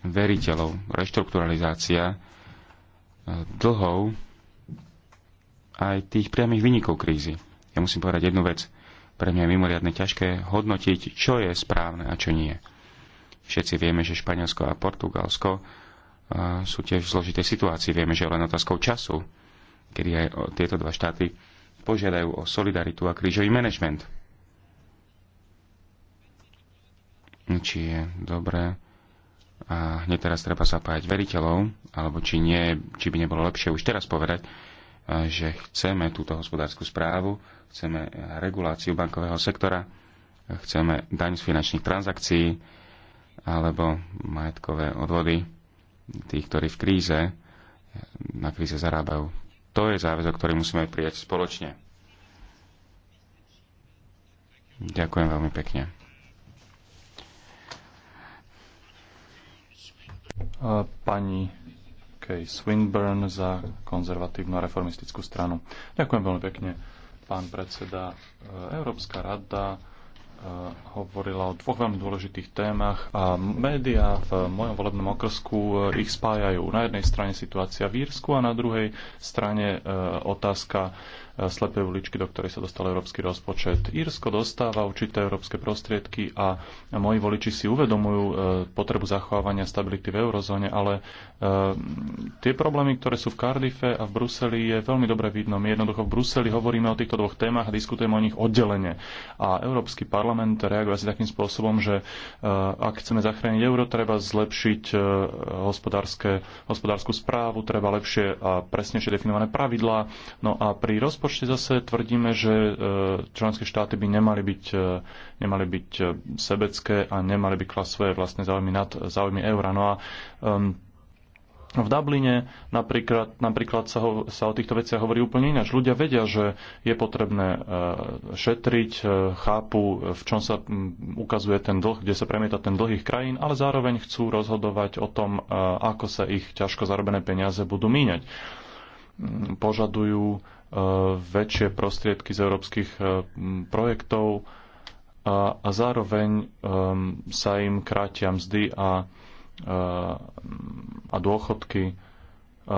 veriteľov, reštrukturalizácia eh, dlhov aj tých priamých vynikov krízy. Ja musím povedať jednu vec. Pre mňa je mimoriadne ťažké hodnotiť, čo je správne a čo nie Všetci vieme, že Španielsko a Portugalsko e, sú tiež v zložitej situácii. Vieme, že je len otázkou času, kedy aj tieto dva štáty požiadajú o solidaritu a krížový manažment. Či je dobré a hneď teraz treba zapájať veriteľov, alebo či, nie, či by nebolo lepšie už teraz povedať, e, že chceme túto hospodárskú správu, chceme reguláciu bankového sektora, chceme daň z finančných transakcií, alebo majetkové odvody tých, ktorí v kríze, na kríze zarábajú. To je záväzok, ktorý musíme prijať spoločne. Ďakujem veľmi pekne. Pani Kay Swinburne za konzervatívnu a reformistickú stranu. Ďakujem veľmi pekne, pán predseda. Európska rada hovorila o dvoch veľmi dôležitých témach a médiá v mojom volebnom okrsku e, ich spájajú. Na jednej strane situácia v Írsku a na druhej strane e, otázka slepej uličky, do ktorej sa dostal európsky rozpočet. Írsko dostáva určité európske prostriedky a moji voliči si uvedomujú e, potrebu zachovávania stability v eurozóne, ale e, tie problémy, ktoré sú v Cardiffe a v Bruseli, je veľmi dobre vidno. My jednoducho v Bruseli hovoríme o týchto dvoch témach a diskutujeme o nich oddelene. A Európsky parlament reaguje asi takým spôsobom, že e, ak chceme zachrániť euro, treba zlepšiť hospodárske, hospodárskú správu, treba lepšie a presnejšie definované pravidlá. No a pri rozpočtu rozpočte zase tvrdíme, že e, členské štáty by nemali byť, e, nemali byť e, sebecké a nemali by klas svoje vlastné záujmy nad záujmy eura. No a um, v Dubline napríklad, napríklad sa, ho, sa o týchto veciach hovorí úplne ináč. Ľudia vedia, že je potrebné šetriť, chápu, v čom sa ukazuje ten dlh, kde sa premieta ten dlhých krajín, ale zároveň chcú rozhodovať o tom, ako sa ich ťažko zarobené peniaze budú míňať. Požadujú E, väčšie prostriedky z európskych e, projektov a, a zároveň e, sa im krátia mzdy a, a dôchodky.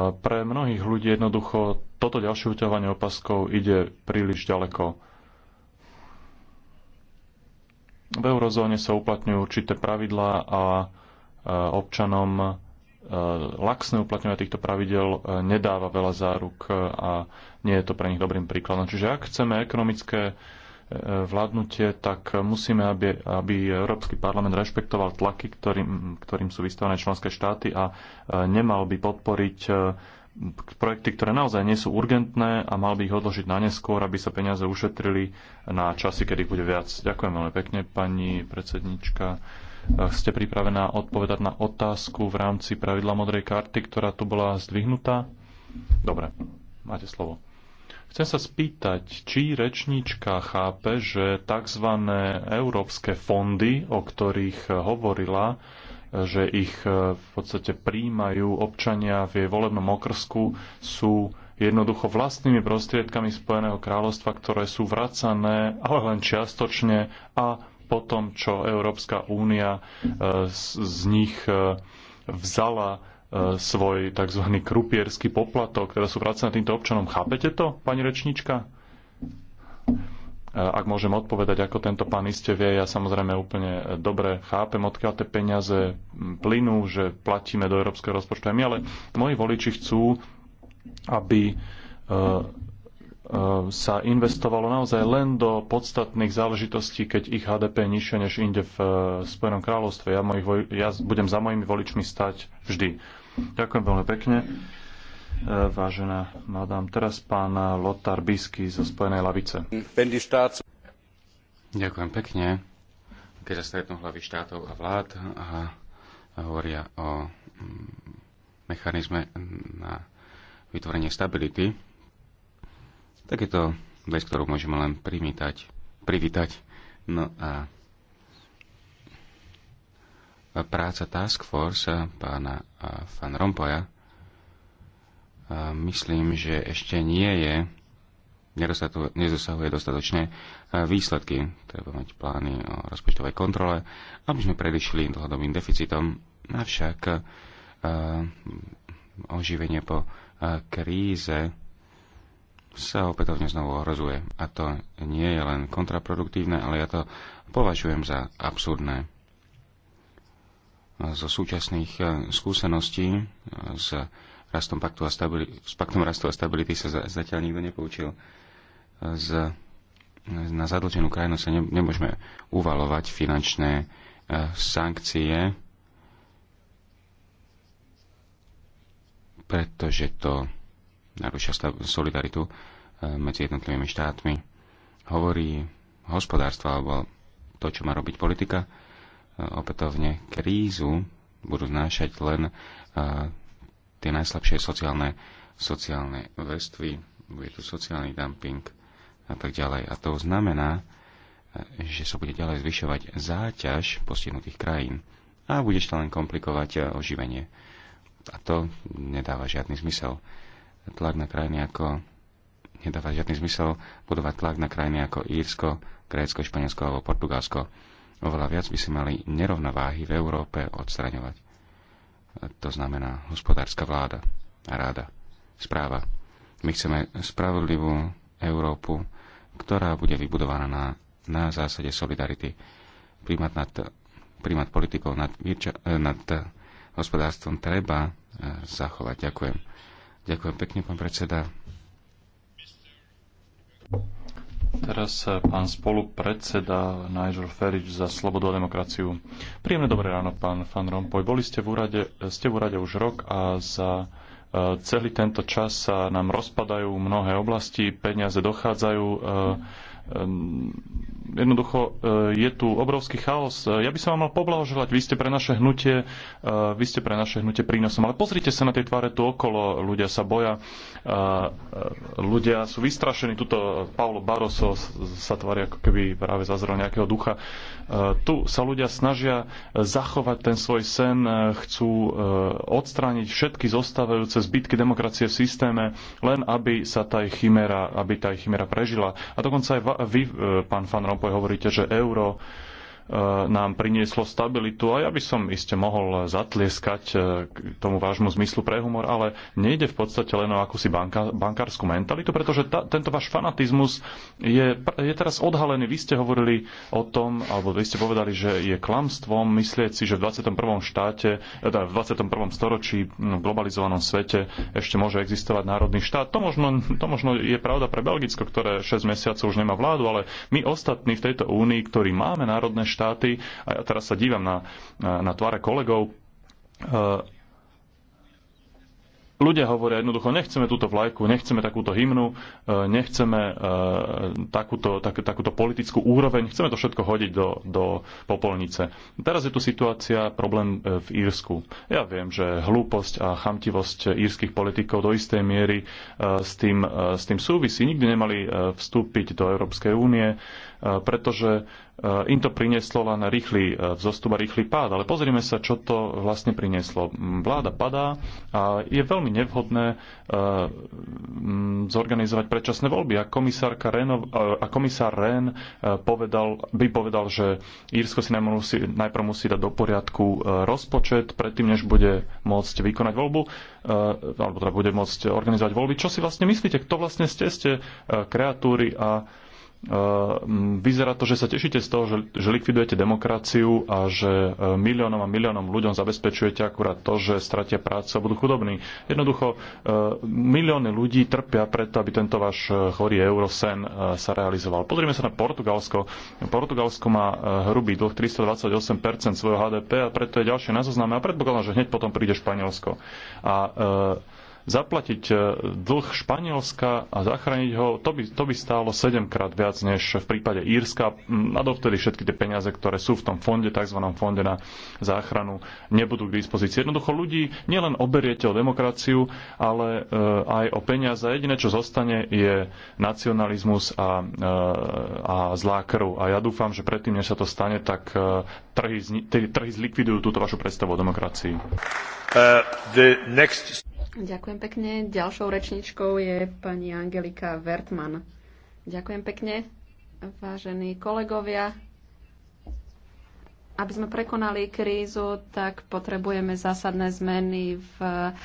Pre mnohých ľudí jednoducho toto ďalšie uťahovanie opaskov ide príliš ďaleko. V eurozóne sa uplatňujú určité pravidlá a občanom Eh, laxné uplatňovanie týchto pravidel eh, nedáva veľa záruk eh, a nie je to pre nich dobrým príkladom. Čiže ak chceme ekonomické vládnutie, tak musíme, aby, aby Európsky parlament rešpektoval tlaky, ktorým, ktorým sú vystavené členské štáty a nemal by podporiť projekty, ktoré naozaj nie sú urgentné a mal by ich odložiť na neskôr, aby sa peniaze ušetrili na časy, kedy ich bude viac. Ďakujem veľmi pekne, pani predsednička. Eh, ste pripravená odpovedať na otázku v rámci pravidla modrej karty, ktorá tu bola zdvihnutá? Dobre, máte slovo. Chcem sa spýtať, či rečníčka chápe, že tzv. európske fondy, o ktorých eh, hovorila, eh, že ich v podstate príjmajú občania v jej volebnom okrsku, sú jednoducho vlastnými prostriedkami Spojeného kráľovstva, ktoré sú vracané, ale len čiastočne a po tom, čo Európska únia e, z nich e, vzala e, svoj tzv. krupierský poplatok, teda sú vracené týmto občanom. Chápete to, pani rečnička? Ak môžem odpovedať, ako tento pán iste vie, ja samozrejme úplne dobre chápem, odkiaľ tie peniaze plynú, že platíme do európskeho rozpočtu aj my, ale moji voliči chcú, aby Eh, sa investovalo naozaj len do podstatných záležitostí, keď ich HDP je nižšie než inde v eh, Spojenom kráľovstve. Ja, mojich, ja budem za mojimi voličmi stať vždy. Ďakujem veľmi pekne. Eh, vážená madám, teraz pán Lotar Bisky zo Spojenej lavice. Ďakujem pekne. Keď sa stretnú hlavy štátov a vlád a hovoria o mm, mechanizme na vytvorenie stability, tak je to vec, ktorú môžeme len primítať, privítať. No a práca Task Force eh, pána eh, Van Rompoja eh, myslím, že ešte nie je nezosahuje dostatočné výsledky. Treba mať plány o rozpočtovej kontrole, aby sme predišli dlhodobým deficitom. Avšak oživenie po kríze sa opätovne znovu ohrozuje. A to nie je len kontraproduktívne, ale ja to považujem za absurdné. Zo súčasných eh, skúseností eh, s, rastom paktu a stabili- s paktom rastu a stability sa zatiaľ nikto nepoučil. Eh, z, na zadlčenú krajinu sa ne, nemôžeme uvalovať finančné sankcie, pretože to narúša solidaritu e, medzi jednotlivými štátmi. Hovorí hospodárstvo alebo to, čo má robiť politika, e, opätovne krízu budú znášať len e, tie najslabšie sociálne, sociálne vrstvy, bude tu sociálny dumping a tak ďalej. A to znamená, že sa bude ďalej zvyšovať záťaž postihnutých krajín a budeš to len komplikovať oživenie. A to nedáva žiadny zmysel tlak na krajiny ako nedáva žiadny zmysel budovať tlak na krajiny ako Írsko, Grécko, Španielsko alebo Portugalsko. Oveľa viac by si mali nerovnováhy v Európe odstraňovať. To znamená hospodárska vláda a ráda. Správa. My chceme spravodlivú Európu, ktorá bude vybudovaná na, na zásade solidarity. Primát, nad, primát politikov nad, eh, nad hospodárstvom treba eh, zachovať. Ďakujem. Ďakujem pekne, pán predseda. Teraz pán spolupredseda Nigel Ferič za Slobodu a demokraciu. Príjemné dobré ráno, pán Fan Rompuy. Boli ste v úrade, ste v úrade už rok a za e, celý tento čas sa nám rozpadajú mnohé oblasti, peniaze dochádzajú, e, e, jednoducho e, je tu obrovský chaos. E, ja by som vám mal poblahoželať, vy ste pre naše hnutie, e, vy ste pre naše hnutie prínosom. Ale pozrite sa na tie tváre tu okolo, ľudia sa boja, ľudia sú vystrašení. Tuto Paolo Baroso sa tvári, ako keby práve zazrel nejakého ducha. Tu sa ľudia snažia zachovať ten svoj sen, chcú odstrániť všetky zostávajúce zbytky demokracie v systéme, len aby sa tá chimera, aby tá chimera prežila. A dokonca aj vy, pán Fan Rompuy, Európe hovoríte, že euro nám prinieslo stabilitu a ja by som iste mohol zatlieskať e, k tomu vášmu zmyslu pre humor, ale nejde v podstate len o akúsi banka, bankárskú mentalitu, pretože ta, tento váš fanatizmus je, je teraz odhalený. Vy ste hovorili o tom, alebo vy ste povedali, že je klamstvom myslieť si, že v 21. štáte, e, teda v 21. storočí v globalizovanom svete ešte môže existovať národný štát. To možno, to možno je pravda pre Belgicko, ktoré 6 mesiacov už nemá vládu, ale my ostatní v tejto únii, ktorí máme národné štáty, štáty, a ja teraz sa dívam na, na, na tváre kolegov, e, ľudia hovoria jednoducho, nechceme túto vlajku, nechceme takúto hymnu, e, nechceme e, takúto, tak, takúto politickú úroveň, chceme to všetko hodiť do, do popolnice. Teraz je tu situácia, problém v Írsku. Ja viem, že hlúposť a chamtivosť írskych politikov do istej miery s tým, s tým súvisí. Nikdy nemali vstúpiť do Európskej únie, pretože im to prinieslo len rýchly e, vzostup a rýchly pád. Ale pozrime sa, čo to vlastne prinieslo. Vláda padá a je veľmi nevhodné e, zorganizovať predčasné voľby. A, komisárka Renov, e, a komisár Ren povedal, by povedal, že Írsko si najprv musí, najprv musí dať do poriadku rozpočet predtým, než bude môcť vykonať voľbu, alebo teda bude môcť organizovať voľby. Čo si vlastne myslíte? Kto vlastne ste? Ste kreatúry a Ehm, vyzerá to, že sa tešíte z toho, že, že likvidujete demokraciu a že e, miliónom a miliónom ľuďom zabezpečujete akurát to, že stratia prácu a budú chudobní. Jednoducho, e, milióny ľudí trpia preto, aby tento váš e, chorý eurosen sa realizoval. Pozrieme sa na Portugalsko. Portugalsko má hrubý dlh 328% svojho HDP a preto je ďalšie na zozname a predpokladám, že hneď potom príde Španielsko. A zaplatiť e, dlh Španielska a zachrániť ho, to by, to by stálo 7 krát viac než v prípade Írska. A dovtedy všetky tie peniaze, ktoré sú v tom fonde, tzv. fonde na záchranu, nebudú k dispozícii. Jednoducho ľudí nielen oberiete o demokraciu, ale e, aj o peniaze. Jediné, čo zostane, je nacionalizmus a, e, a zlá krv. A ja dúfam, že predtým, než sa to stane, tak trhy, trhy zlikvidujú túto vašu predstavu o demokracii. Uh, the next... Ďakujem pekne. Ďalšou rečničkou je pani Angelika Wertmann. Ďakujem pekne, vážení kolegovia. Aby sme prekonali krízu, tak potrebujeme zásadné zmeny v eh,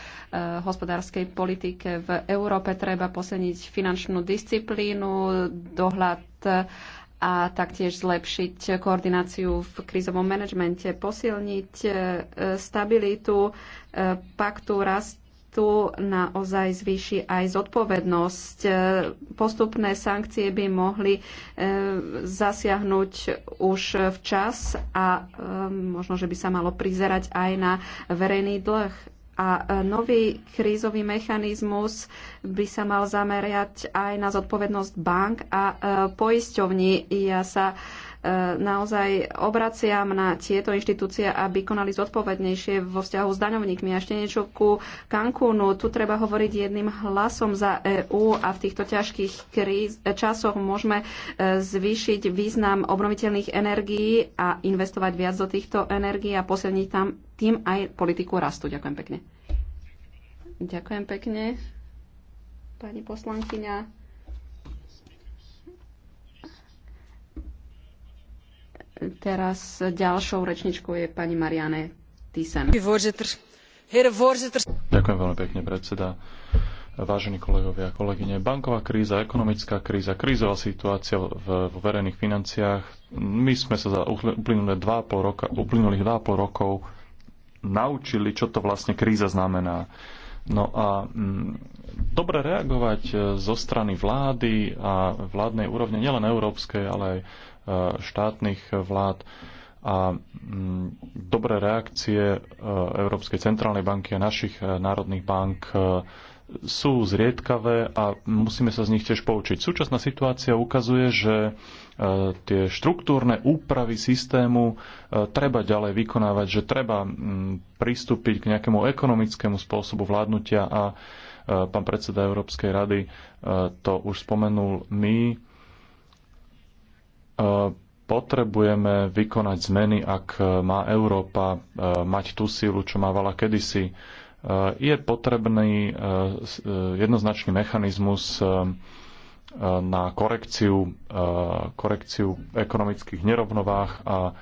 hospodárskej politike. V Európe treba posilniť finančnú disciplínu, dohľad a taktiež zlepšiť koordináciu v krízovom manažmente, posilniť eh, stabilitu eh, paktu rast tu naozaj zvýši aj zodpovednosť. E, postupné sankcie by mohli e, zasiahnuť už včas a e, možno, že by sa malo prizerať aj na verejný dlh. A nový krízový mechanizmus by sa mal zameriať aj na zodpovednosť bank a poisťovní. Ja sa naozaj obraciam na tieto inštitúcie, aby konali zodpovednejšie vo vzťahu s daňovníkmi. A ešte niečo ku Cancúnu. Tu treba hovoriť jedným hlasom za EÚ a v týchto ťažkých kríz, e, časoch môžeme e, zvýšiť význam obnoviteľných energií a investovať viac do týchto energií a posilniť tam tým aj politiku rastu. Ďakujem pekne. Ďakujem pekne, pani poslankyňa. Teraz ďalšou rečničkou je pani Marianne Thyssen. Ďakujem veľmi pekne, predseda. Vážení kolegovia a kolegyne, banková kríza, ekonomická kríza, krízová situácia v, v verejných financiách. My sme sa za uplynulé 2,5 roka, uplynulých 2,5 rokov naučili, čo to vlastne kríza znamená. No a m, mm, dobre reagovať eh, zo strany vlády a vládnej úrovne, nielen európskej, ale aj štátnych vlád a mm, dobré reakcie e, Európskej centrálnej banky a našich e, národných bank e, sú zriedkavé a musíme sa z nich tiež poučiť. Súčasná situácia ukazuje, že tie štruktúrne úpravy systému treba ďalej vykonávať, že treba mm, pristúpiť k nejakému ekonomickému spôsobu vládnutia a pán predseda Európskej rady to už spomenul my potrebujeme vykonať zmeny, ak eh, má Európa eh, mať tú sílu, čo mávala kedysi. Eh, je potrebný jednoznačný mechanizmus na korekciu, korekciu ekonomických nerovnovách a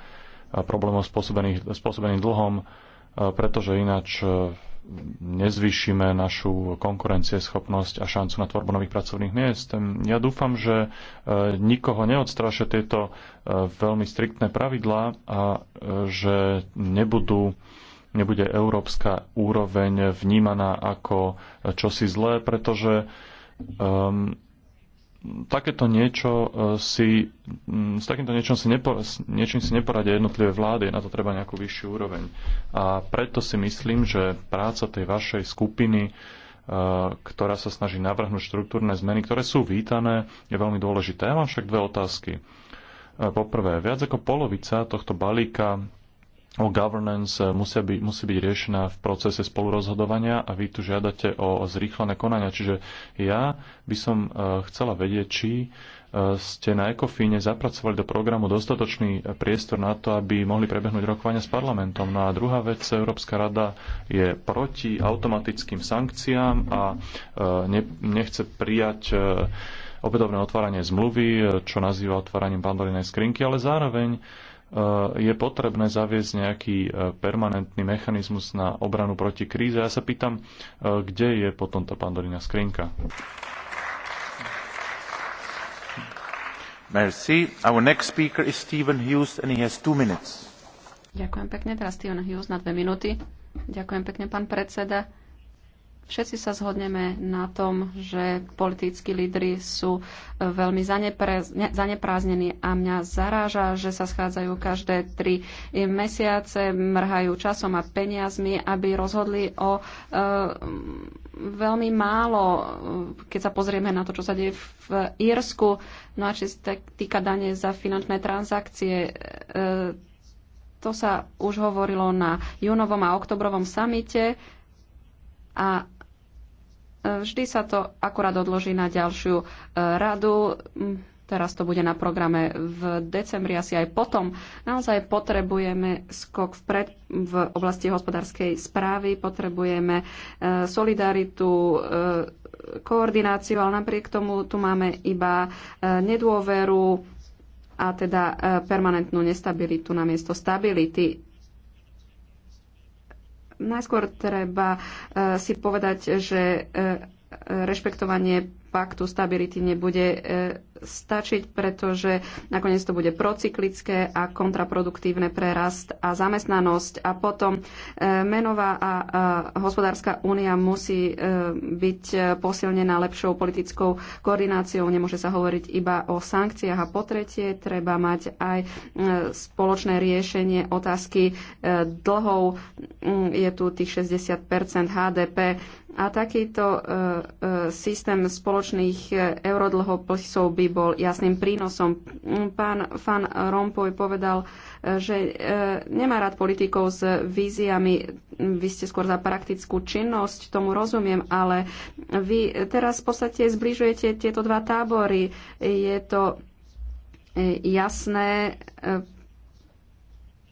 problémov spôsobených, spôsobených dlhom, pretože ináč nezvýšime našu konkurencieschopnosť a šancu na tvorbu nových pracovných miest. Ja dúfam, že e, nikoho neodstrašia tieto e, veľmi striktné pravidlá a e, že nebudú nebude európska úroveň vnímaná ako čosi zlé, pretože um, takéto niečo e, si, s takýmto niečom si, nepo, niečím si neporadia jednotlivé vlády, na to treba nejakú vyššiu úroveň. A preto si myslím, že práca tej vašej skupiny, e, ktorá sa snaží navrhnúť štruktúrne zmeny, ktoré sú vítané, je veľmi dôležité. Ja mám však dve otázky. E, poprvé, viac ako polovica tohto balíka o governance eh, musia by, musí byť riešená v procese spolurozhodovania a vy tu žiadate o zrýchlené konania. Čiže ja by som eh, chcela vedieť, či eh, ste na ECOFINE zapracovali do programu dostatočný priestor na to, aby mohli prebehnúť rokovania s parlamentom. No a druhá vec, Európska rada je proti automatickým sankciám a nechce prijať opätovné otváranie zmluvy, čo nazýva otváraním pandorinej skrinky, ale zároveň je potrebné zaviesť nejaký e, permanentný mechanizmus na obranu proti kríze. Ja sa pýtam, e, kde je potom tá pandorina skrinka. Merci. Our next speaker is Stephen Hughes and he has two minutes. Ďakujem pekne, teraz Stephen Hughes na dve minúty. Ďakujem pekne, pán predseda. Všetci sa zhodneme na tom, že politickí lídry sú e, veľmi zanepráznení a mňa zaráža, že sa schádzajú každé tri mesiace, mrhajú časom a peniazmi, aby rozhodli o e, veľmi málo, e, keď sa pozrieme na to, čo sa deje v Írsku. No a či sa týka dane za finančné transakcie, e, to sa už hovorilo na júnovom a oktobrovom samite a Vždy sa to akurát odloží na ďalšiu e, radu. Mm, teraz to bude na programe v decembri, asi aj potom. Naozaj potrebujeme skok vpred v oblasti hospodárskej správy, potrebujeme e, solidaritu, e, koordináciu, ale napriek tomu tu máme iba nedôveru a teda permanentnú nestabilitu namiesto stability Najskôr treba eh, si povedať, že eh, rešpektovanie paktu stability nebude e, stačiť, pretože nakoniec to bude procyklické a kontraproduktívne pre rast a zamestnanosť. A potom e, menová a hospodárska únia musí e, byť posilnená lepšou politickou koordináciou. Nemôže sa hovoriť iba o sankciách. A po tretie, treba mať aj spoločné riešenie otázky dlhov. Mm, je tu tých 60 HDP a takýto e, e, systém spoločných e, eurodlhopisov by bol jasným prínosom. Mm, pán Fan Rompuy povedal, že nemá rád politikov s víziami. Vy ste skôr za praktickú činnosť, tomu rozumiem, ale vy teraz v podstate zbližujete tieto dva tábory. Je to jasné,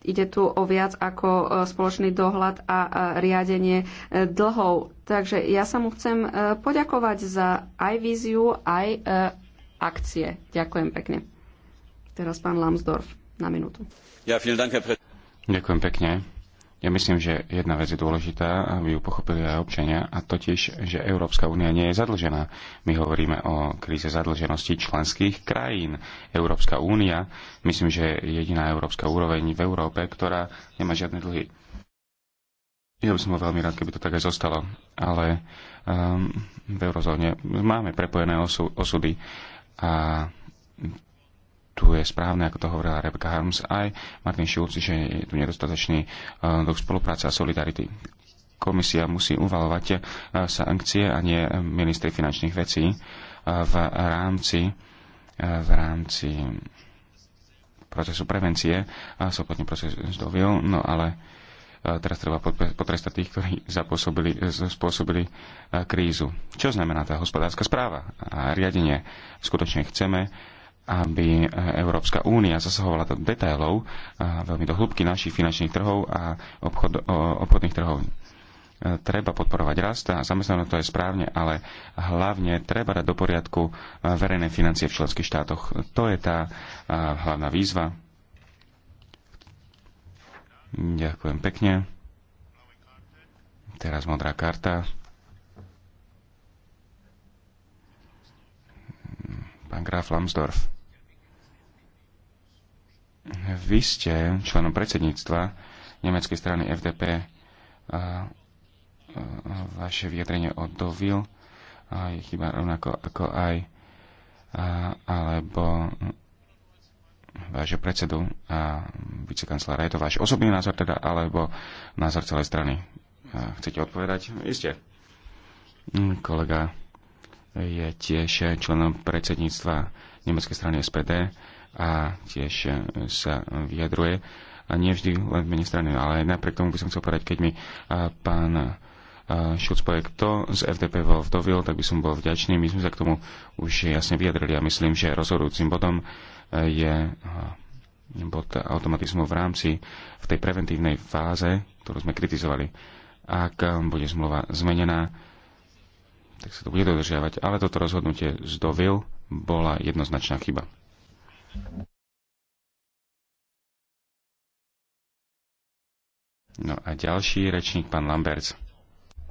Ide tu o viac ako spoločný dohľad a riadenie dlhov. Takže ja sa mu chcem e, poďakovať za aj víziu, aj e, akcie. Ďakujem pekne. Teraz pán Lambsdorff na minútu. Ja, dank, Ďakujem pekne. Ja myslím, že jedna vec je dôležitá, aby ju pochopili aj občania, a totiž, že Európska únia nie je zadlžená. My hovoríme o kríze zadlženosti členských krajín. Európska únia, myslím, že je jediná európska úroveň v Európe, ktorá nemá žiadne dlhy. Ja by som bol veľmi rád, keby to tak aj zostalo, ale um, v eurozóne máme prepojené osu, osudy a tu je správne, ako to hovorila Rebecca Harms aj Martin Schulz, že je tu nedostatočný uh, e, duch spolupráce a solidarity. Komisia musí uvalovať uh, sankcie a nie ministri finančných vecí uh, v rámci, uh, v rámci procesu prevencie a sopotne proces zdovil, no ale teraz treba potrestať tých, ktorí zapôsobili, spôsobili e, krízu. Čo znamená tá hospodárska správa a riadenie? Skutočne chceme, aby e, Európska únia zasahovala do detailov, e, veľmi do hĺbky našich finančných trhov a obchod, obchodných trhov. Treba podporovať rast a zamestnanosť to je správne, ale hlavne treba dať do poriadku verejné financie v členských štátoch. To je tá hlavná výzva, Ďakujem pekne. Teraz modrá karta. Pán Graf Lambsdorff. Vy ste členom predsedníctva nemeckej strany FDP. A vaše vyjadrenie o Dovil je chyba rovnako ako aj alebo vášho predsedu a vicekanclára. Je to váš osobný názor teda, alebo názor celej strany? Chcete odpovedať? Isté. Kolega je tiež členom predsedníctva nemeckej strany SPD a tiež sa vyjadruje a nie vždy len v mene strany, ale napriek tomu by som chcel povedať, keď mi pán Šulc povie, kto z FDP vo vdovil, tak by som bol vďačný. My sme sa k tomu už jasne vyjadrili a myslím, že rozhodujúcim bodom je eh, bod automatizmu v rámci v tej preventívnej fáze, ktorú sme kritizovali. Ak eh, bude zmluva zmenená, tak sa to bude dodržiavať. Ale toto rozhodnutie z Dovil bola jednoznačná chyba. No a ďalší rečník, pán Lamberts.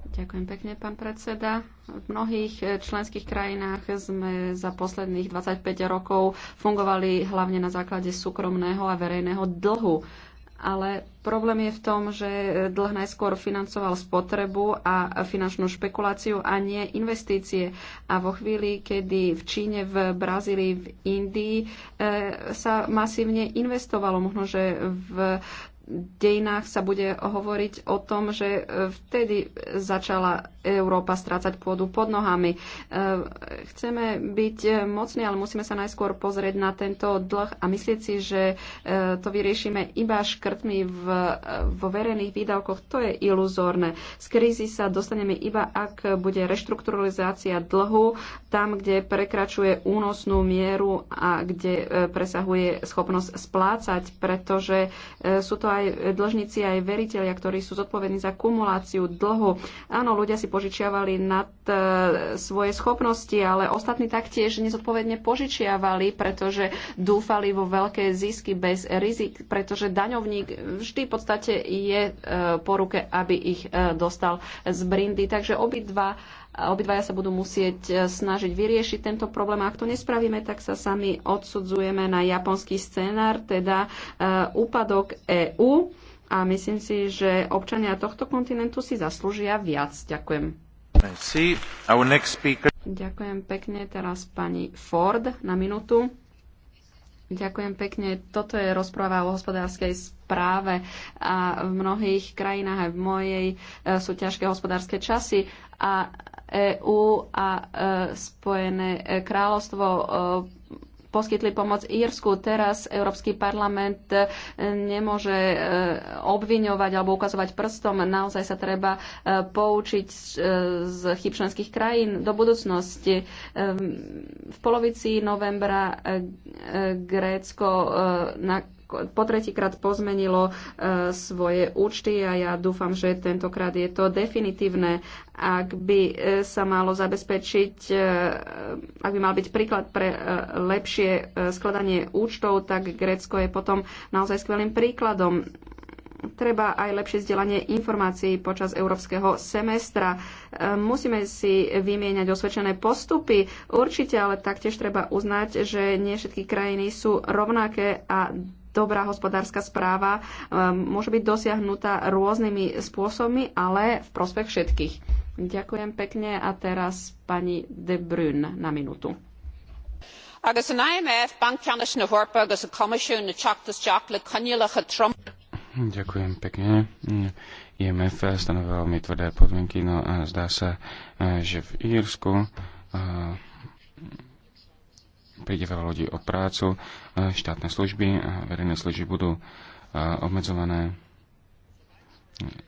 Ďakujem pekne, pán predseda. V mnohých eh, členských krajinách sme za posledných 25 rokov fungovali hlavne na základe súkromného a verejného dlhu. Ale problém je v tom, že eh, dlh najskôr financoval spotrebu a finančnú špekuláciu a nie investície. A vo chvíli, kedy v Číne, v Brazílii, v Indii e, sa masívne investovalo, možno, že v dejinách sa bude hovoriť o tom, že e, vtedy začala Európa strácať pôdu pod nohami. E, chceme byť e, mocní, ale musíme sa najskôr pozrieť na tento dlh a myslieť si, že to vyriešime iba škrtmi v, vo verejných výdavkoch. To je iluzórne. Z krízy sa dostaneme iba, ak bude reštrukturalizácia dlhu tam, kde prekračuje únosnú mieru a kde presahuje schopnosť splácať, pretože sú to aj aj dlžníci, aj veriteľia, ktorí sú zodpovední za kumuláciu dlhu. Áno, ľudia si požičiavali nad e, svoje schopnosti, ale ostatní taktiež nezodpovedne požičiavali, pretože dúfali vo veľké zisky bez rizik, pretože daňovník vždy v podstate je e, po ruke, aby ich e, dostal z brindy. Takže obidva Obidvaja sa budú musieť e, snažiť vyriešiť tento problém. Ak to nespravíme, tak sa sami odsudzujeme na japonský scénar, teda e, úpadok EÚ. A myslím si, že občania tohto kontinentu si zaslúžia viac. Ďakujem. Ďakujem pekne. Teraz pani Ford na minútu. Ďakujem pekne. Toto je rozpráva o hospodárskej správe a v mnohých krajinách aj v mojej e, sú ťažké hospodárske časy a EÚ a e, Spojené e, kráľovstvo e, poskytli pomoc Írsku. Teraz Európsky parlament nemôže obviňovať alebo ukazovať prstom. Naozaj sa treba poučiť z chyb členských krajín do budúcnosti. V polovici novembra Grécko po tretíkrát pozmenilo e, svoje účty a ja dúfam, že tentokrát je to definitívne. Ak by e, sa malo zabezpečiť, e, ak by mal byť príklad pre lepšie skladanie účtov, tak Grécko je potom naozaj skvelým príkladom treba aj lepšie vzdelanie informácií počas európskeho semestra. Musíme si vymieňať osvedčené postupy, určite, ale taktiež treba uznať, že nie všetky krajiny sú rovnaké a dobrá hospodárska správa e, môže byť dosiahnutá rôznymi spôsobmi, ale v prospech všetkých. Ďakujem pekne a teraz pani De Bruyne na minútu. Agus an IMF bankceannas na hhorpa agus a comisiún na teachtas teach le conilacha Trump. Ďakujem pekne. IMF stanovil veľmi tvrdé podmienky, no a zdá sa, e, že v Írsku e, príde veľa ľudí o prácu, e, štátne služby a verejné služby budú e, obmedzované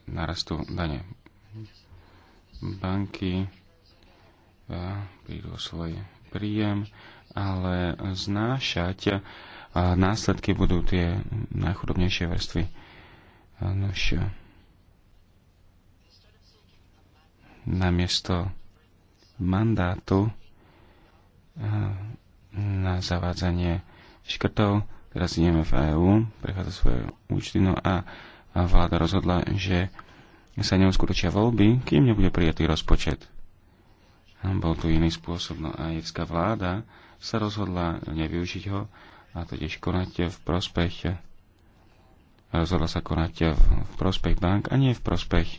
narastu dane. Banky e, prídu o svoj príjem, ale znášať následky budú tie najchudobnejšie vrstvy. Nož, namiesto mandátu na zavádzanie škrtov, teraz ideme v EÚ, prechádza svoje účty, no a, a vláda rozhodla, že sa neuskutočia voľby, kým nebude prijatý rozpočet. Bol tu iný spôsob, no a jecká vláda sa rozhodla nevyužiť ho a totiž konať v prospech rozhodla sa konať v prospech bank a nie v prospech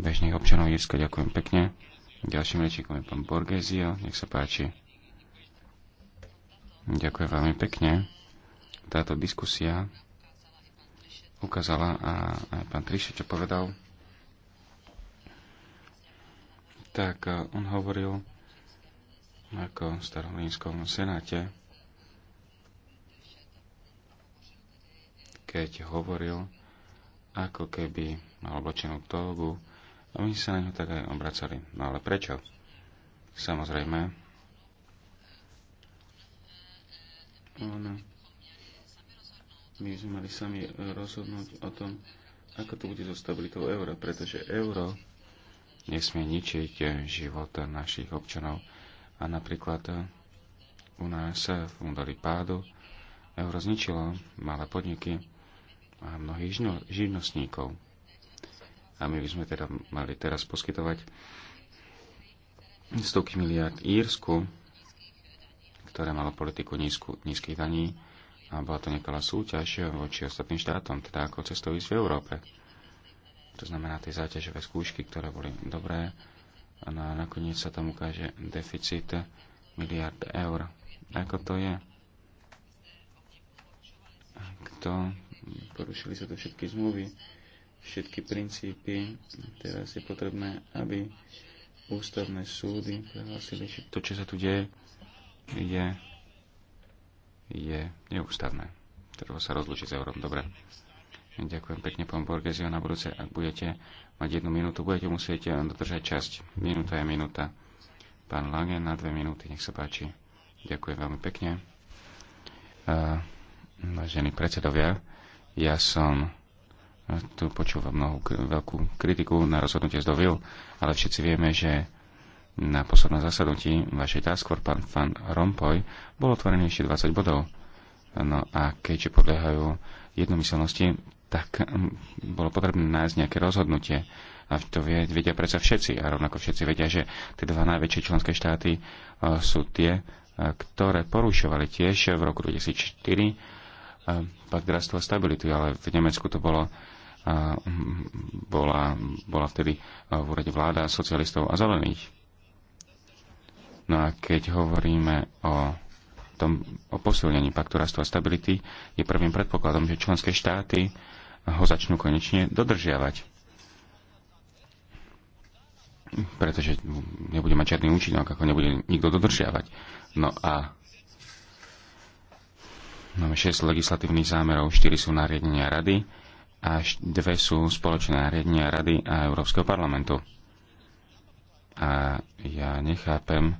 bežných občanov Jirska. Ďakujem pekne. Ďalším rečníkom je pán Borgesio. Nech sa páči. Ďakujem veľmi pekne. Táto diskusia ukázala a aj pán Triše, čo povedal, tak e, on hovoril ako v starolínskom senáte, keď hovoril ako keby mal obločenú tógu a my sa na ňu tak aj obracali. No ale prečo? Samozrejme, Áno. My sme mali sami rozhodnúť o tom, ako to bude so stabilitou eura, pretože euro nesmie ničiť život našich občanov. A napríklad u nás v údolí pádu euro zničilo malé podniky a mnohých živnostníkov. A my by sme teda mali teraz poskytovať stovky miliard Írsku, ktoré malo politiku nízku, nízkych daní a bola to nekalá súťaž voči ostatným štátom, teda ako cestou v Európe. To znamená tie záťažové skúšky, ktoré boli dobré no a na, nakoniec sa tam ukáže deficit miliard eur. Ako to je? Kto? Porušili sa to všetky zmluvy, všetky princípy. Teraz je potrebné, aby ústavné súdy prehlasili, že to, čo sa tu deje, je, je neústavné. Treba sa rozlučiť s Európom. Dobre. Ďakujem pekne, pán Borgesio. Na budúce, ak budete mať jednu minútu, budete musieť eh, dodržať časť. Minúta je minúta. Pán Lange na dve minúty, nech sa páči. Ďakujem veľmi pekne. Uh, predsedovia, ja som eh, tu počúval mnohú veľkú kritiku na rozhodnutie z Dovil, ale všetci vieme, že na poslednom zasadnutí vašej taskfor, pán Van Rompuy, bolo otvorené ešte 20 bodov. No a keďže podliehajú jednomyselnosti, tak mm, bolo potrebné nájsť nejaké rozhodnutie. A to vie, vedia predsa všetci. A rovnako všetci vedia, že tie dva najväčšie členské štáty e, sú tie, e, ktoré porušovali tiež v roku 2004 e, pakt rastu a stability, ale v Nemecku to bolo bola, bola vtedy v úrade vláda socialistov a zelených. No a keď hovoríme o tom, o posilnení paktu rastu a stability, je prvým predpokladom, že členské štáty ho začnú konečne dodržiavať. Pretože nebude mať žiadny účinok, ako nebude nikto dodržiavať. No a máme 6 legislatívnych zámerov, 4 sú nariadenia rady a 2 sú spoločné nariadenia rady a Európskeho parlamentu. A ja nechápem,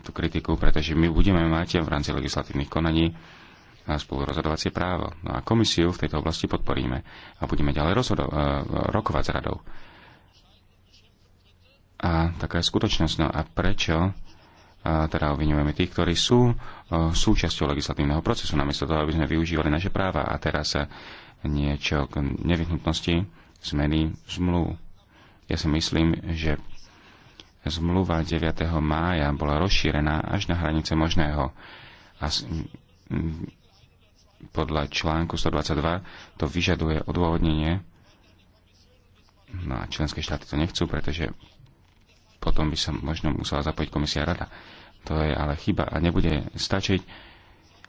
tú kritiku, pretože my budeme mať v rámci legislatívnych konaní rozhodovacie právo. No a komisiu v tejto oblasti podporíme a budeme ďalej rozhodo- e, rokovať s radou. A taká je skutočnosť. No a prečo a e, teda obvinujeme tých, ktorí sú e, súčasťou legislatívneho procesu, namiesto toho, aby sme využívali naše práva. A teraz niečo k nevyhnutnosti zmeny zmluv. Ja si myslím, že zmluva 9. mája bola rozšírená až na hranice možného. A podľa článku 122 to vyžaduje odôvodnenie. No a členské štáty to nechcú, pretože potom by sa možno musela zapojiť komisia rada. To je ale chyba a nebude stačiť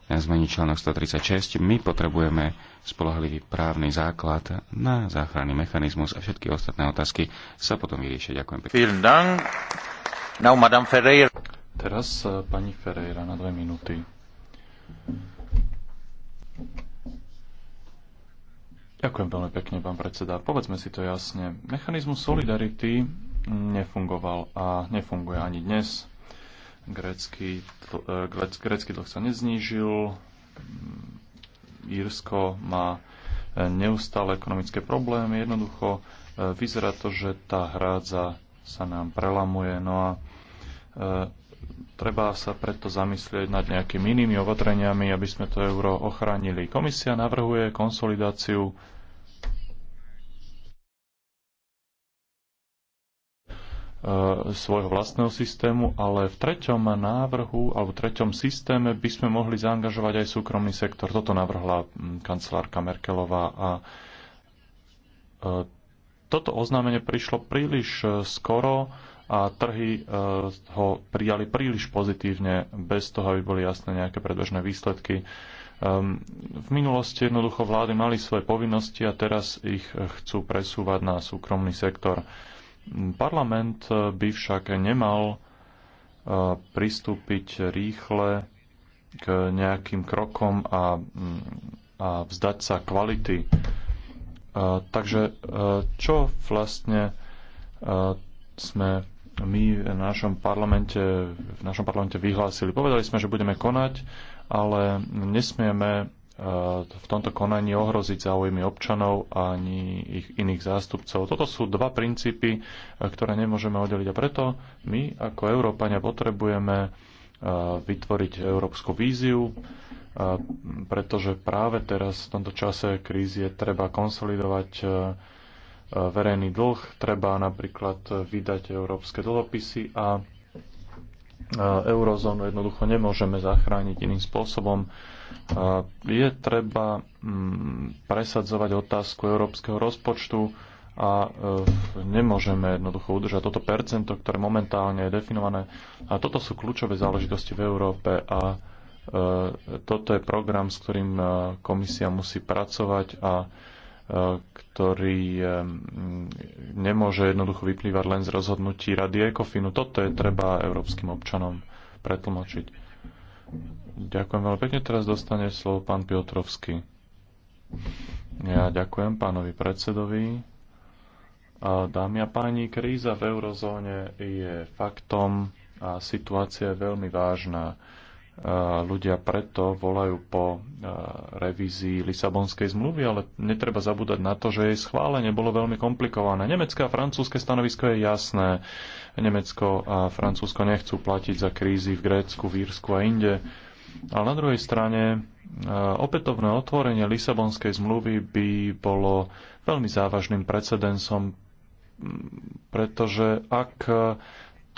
zmeniť článok 136. My potrebujeme spolahlivý právny základ na záchranný mechanizmus a všetky ostatné otázky sa potom vyriešia. Ďakujem pekne. Teraz eh, pani Ferreira na dve minúty. Ďakujem veľmi pekne, pán predseda. Povedzme si to jasne. Mechanizmus solidarity nefungoval a nefunguje ani dnes. Grécky, e, grécky dlh sa neznížil, Írsko má e, neustále ekonomické problémy. Jednoducho e, vyzerá to, že tá hrádza sa nám prelamuje. No a treba sa preto zamyslieť nad nejakými inými opatreniami, aby sme to euro ochránili. Komisia navrhuje konsolidáciu E, svojho vlastného systému, ale v treťom návrhu alebo v treťom systéme by sme mohli zaangažovať aj súkromný sektor. Toto navrhla mm, kancelárka Merkelová a e, toto oznámenie prišlo príliš e, skoro a trhy ho prijali príliš pozitívne, bez toho, aby boli jasné nejaké predbežné výsledky. V minulosti jednoducho vlády mali svoje povinnosti a teraz ich chcú presúvať na súkromný sektor. Parlament eh, by však nemal eh, pristúpiť rýchle k nejakým krokom a, mm, a vzdať sa kvality. Eh, takže čo vlastne sme my v našom parlamente, v našom parlamente vyhlásili? Povedali sme, že budeme konať, ale nesmieme E, v tomto konaní ohroziť záujmy občanov ani ich iných zástupcov. Toto sú dva princípy, e, ktoré nemôžeme oddeliť a preto my ako Európania potrebujeme e, vytvoriť európsku víziu, pretože práve teraz v tomto čase krízy je treba konsolidovať verejný dlh, treba napríklad vydať európske dlhopisy a eurozónu jednoducho nemôžeme zachrániť iným spôsobom je treba mm, presadzovať otázku európskeho rozpočtu a e, nemôžeme jednoducho udržať toto percento, ktoré momentálne je definované. A toto sú kľúčové záležitosti v Európe a e, toto je program, s ktorým e, komisia musí pracovať a ktorý nemôže jednoducho vyplývať len z rozhodnutí Rady Ekofinu. Toto je treba európskym občanom pretlmočiť. Ďakujem veľmi pekne. Teraz dostane slovo pán Piotrovský. Ja ďakujem pánovi predsedovi. Dámy a páni, kríza v eurozóne je faktom a situácia je veľmi vážna ľudia preto volajú po revízii Lisabonskej zmluvy, ale netreba zabúdať na to, že jej schválenie bolo veľmi komplikované. Nemecké a francúzske stanovisko je jasné. Nemecko a Francúzsko nechcú platiť za krízy v Grécku, v Írsku a inde. Ale na druhej strane opätovné otvorenie Lisabonskej zmluvy by bolo veľmi závažným precedensom, pretože ak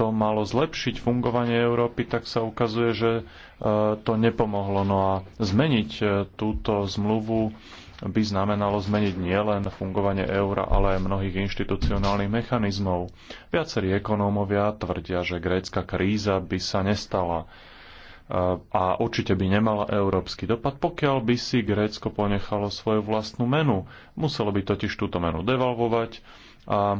to malo zlepšiť fungovanie Európy, tak sa ukazuje, že e, to nepomohlo. No a zmeniť e, túto zmluvu by znamenalo zmeniť nielen fungovanie eura, ale aj mnohých inštitucionálnych mechanizmov. Viacerí ekonómovia tvrdia, že grécka kríza by sa nestala e, a určite by nemala európsky dopad, pokiaľ by si Grécko ponechalo svoju vlastnú menu. Muselo by totiž túto menu devalvovať a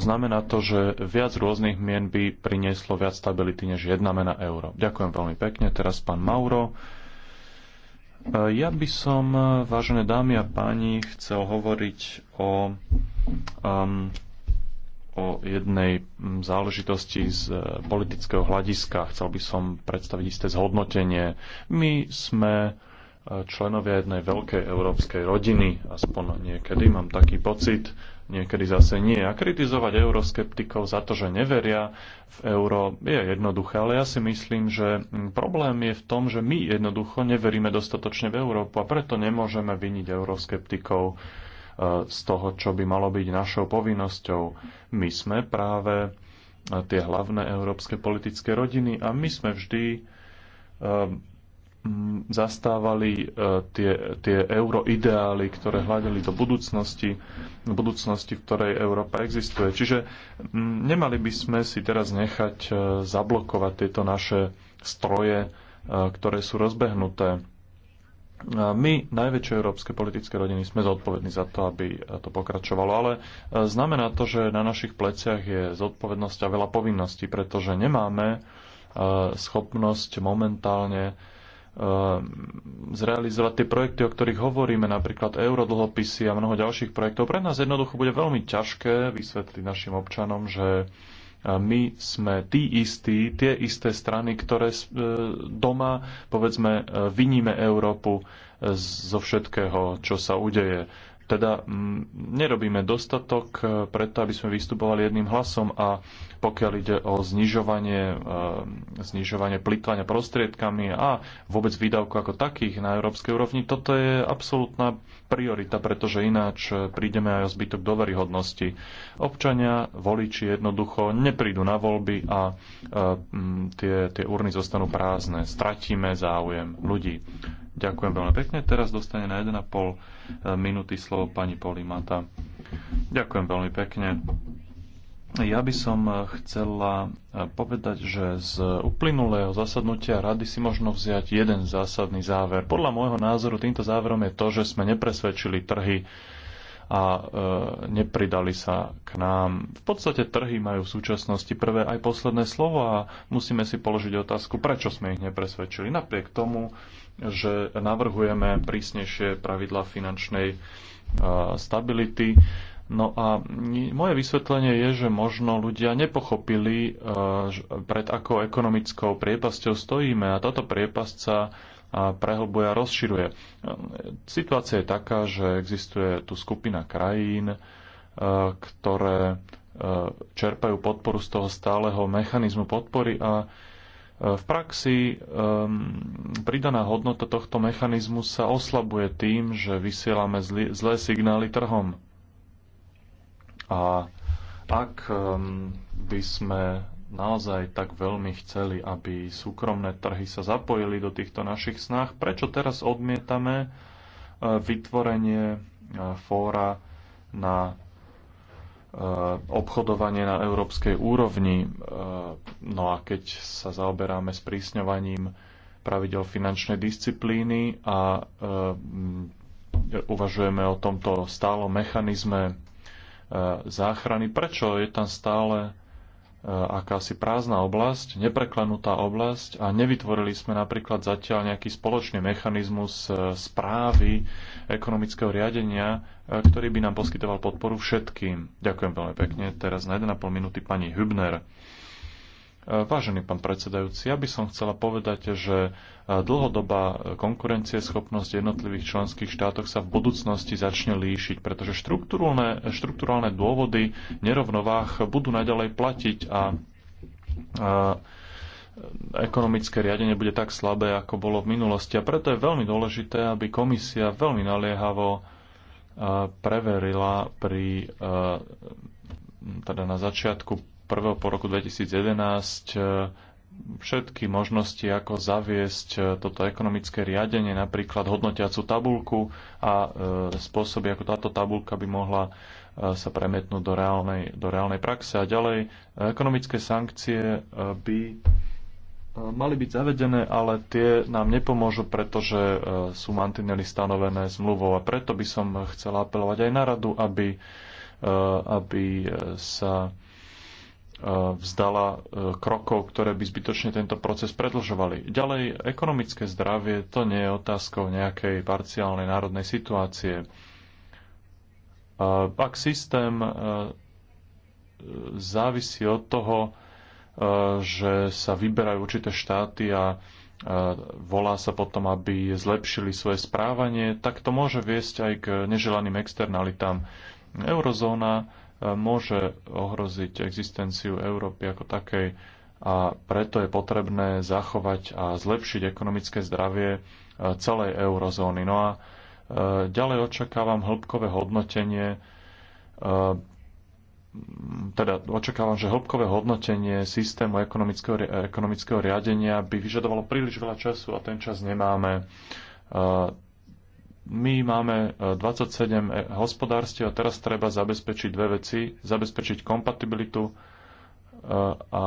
znamená to, že viac rôznych mien by prinieslo viac stability než jedna mena euro. Ďakujem veľmi pekne. Teraz pán Mauro. Ja by som, vážené dámy a páni, chcel hovoriť o, um, o jednej záležitosti z politického hľadiska. Chcel by som predstaviť isté zhodnotenie. My sme členovia jednej veľkej európskej rodiny, aspoň niekedy mám taký pocit, niekedy zase nie. A kritizovať euroskeptikov za to, že neveria v euro, je jednoduché, ale ja si myslím, že mm, problém je v tom, že my jednoducho neveríme dostatočne v Európu a preto nemôžeme viniť euroskeptikov e, z toho, čo by malo byť našou povinnosťou. My sme práve e, tie hlavné európske politické rodiny a my sme vždy e, zastávali e, tie, tie euroideály, ktoré hľadeli do budúcnosti, do budúcnosti, v ktorej Európa existuje. Čiže nemali by sme si teraz nechať e, zablokovať tieto naše stroje, e, ktoré sú rozbehnuté. My, najväčšie európske politické rodiny, sme zodpovední za to, aby to pokračovalo, ale znamená to, že na našich pleciach je zodpovednosť a veľa povinností, pretože nemáme schopnosť momentálne Ehm, zrealizovať tie projekty, o ktorých hovoríme, napríklad eurodlhopisy a mnoho ďalších projektov. Pre nás jednoducho bude veľmi ťažké vysvetliť našim občanom, že ehm, my sme tí istí, tie isté strany, ktoré e, doma, povedzme, e, vyníme Európu e, zo všetkého, čo sa udeje teda mm, nerobíme dostatok eh, preto, aby sme vystupovali jedným hlasom a pokiaľ ide o znižovanie, eh, znižovanie plýtvania prostriedkami a vôbec výdavku ako takých na európskej úrovni, toto je absolútna priorita, pretože ináč eh, prídeme aj o zbytok doveryhodnosti. Občania, voliči jednoducho neprídu na voľby a tie, tie urny zostanú prázdne. Stratíme záujem ľudí. Ďakujem veľmi pekne. Teraz dostane na 1,5 e, minúty slovo pani Polimata. Ďakujem veľmi pekne. Ja by som e, chcela e, povedať, že z uplynulého zasadnutia rady si možno vziať jeden zásadný záver. Podľa môjho názoru týmto záverom je to, že sme nepresvedčili trhy a e, nepridali sa k nám. V podstate trhy majú v súčasnosti prvé aj posledné slovo a musíme si položiť otázku, prečo sme ich nepresvedčili. Napriek tomu že navrhujeme prísnejšie pravidla finančnej stability. No a moje vysvetlenie je, že možno ľudia nepochopili, pred akou ekonomickou priepasťou stojíme a táto priepasť sa prehlbuje a rozširuje. Situácia je taká, že existuje tu skupina krajín, ktoré čerpajú podporu z toho stáleho mechanizmu podpory a Eh, v praxi um, pridaná hodnota tohto mechanizmu sa oslabuje tým, že vysielame zlý, zlé signály trhom. A ak um, by sme naozaj tak veľmi chceli, aby súkromné trhy sa zapojili do týchto našich snách, prečo teraz odmietame eh, vytvorenie eh, fóra na Eh, obchodovanie na európskej úrovni. Eh, no a keď sa zaoberáme sprísňovaním pravidel finančnej disciplíny a eh, uvažujeme o tomto stálom mechanizme záchrany, prečo je tam stále Eh, akási prázdna oblasť, nepreklenutá oblasť a nevytvorili sme napríklad zatiaľ nejaký spoločný mechanizmus eh, správy ekonomického riadenia, eh, ktorý by nám poskytoval podporu všetkým. Ďakujem veľmi pekne. Teraz na 1,5 minúty pani Hübner. Eh, vážený pán predsedajúci, ja by som chcela povedať, že eh, dlhodobá eh, konkurencieschopnosť jednotlivých členských štátoch sa v budúcnosti začne líšiť, pretože štruktúrne, štruktúrálne dôvody nerovnovách budú naďalej platiť a, a ekonomické riadenie bude tak slabé, ako bolo v minulosti. A preto je veľmi dôležité, aby komisia veľmi naliehavo preverila pri teda na začiatku prvého po roku 2011 e, všetky možnosti, ako zaviesť e, toto ekonomické riadenie, napríklad hodnotiacu tabulku a e, spôsoby, ako táto tabulka by mohla sa premietnúť do reálnej, do reálnej praxe. A ďalej, ekonomické sankcie by mali byť zavedené, ale tie nám nepomôžu, pretože sú mantinely stanovené zmluvou. A preto by som chcela apelovať aj na radu, aby, aby sa vzdala e, krokov, ktoré by zbytočne tento proces predlžovali. Ďalej, ekonomické zdravie to nie je otázkou nejakej parciálnej národnej situácie. E, ak systém e, závisí od toho, že sa vyberajú určité štáty a volá sa potom, aby zlepšili svoje správanie, tak to môže viesť aj k neželaným externalitám. Eurozóna môže ohroziť existenciu Európy ako takej a preto je potrebné zachovať a zlepšiť ekonomické zdravie e, celej eurozóny. No a e, ďalej očakávam hĺbkové hodnotenie e, teda očakávam, že hĺbkové hodnotenie systému ekonomického, ekonomického riadenia by vyžadovalo príliš veľa času a ten čas nemáme my máme 27 e, e, hospodárstiev a teraz treba zabezpečiť dve veci. Zabezpečiť kompatibilitu e, a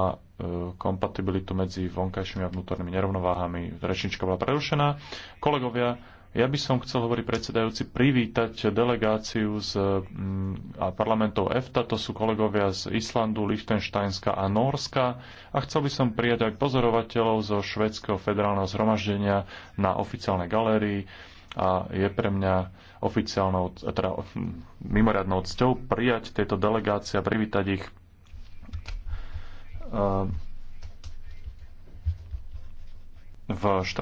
kompatibilitu medzi vonkajšími a vnútornými nerovnováhami. Rečnička bola prerušená. Kolegovia, ja by som chcel, hovorí predsedajúci, privítať delegáciu z mm, a parlamentov EFTA, to sú kolegovia z Islandu, Liechtensteinska a Norska a chcel by som prijať aj pozorovateľov zo Švedského federálneho zhromaždenia na oficiálnej galérii a je pre mňa oficiálnou, teda mimoriadnou cťou prijať tieto delegácie a privítať ich. Ehm, v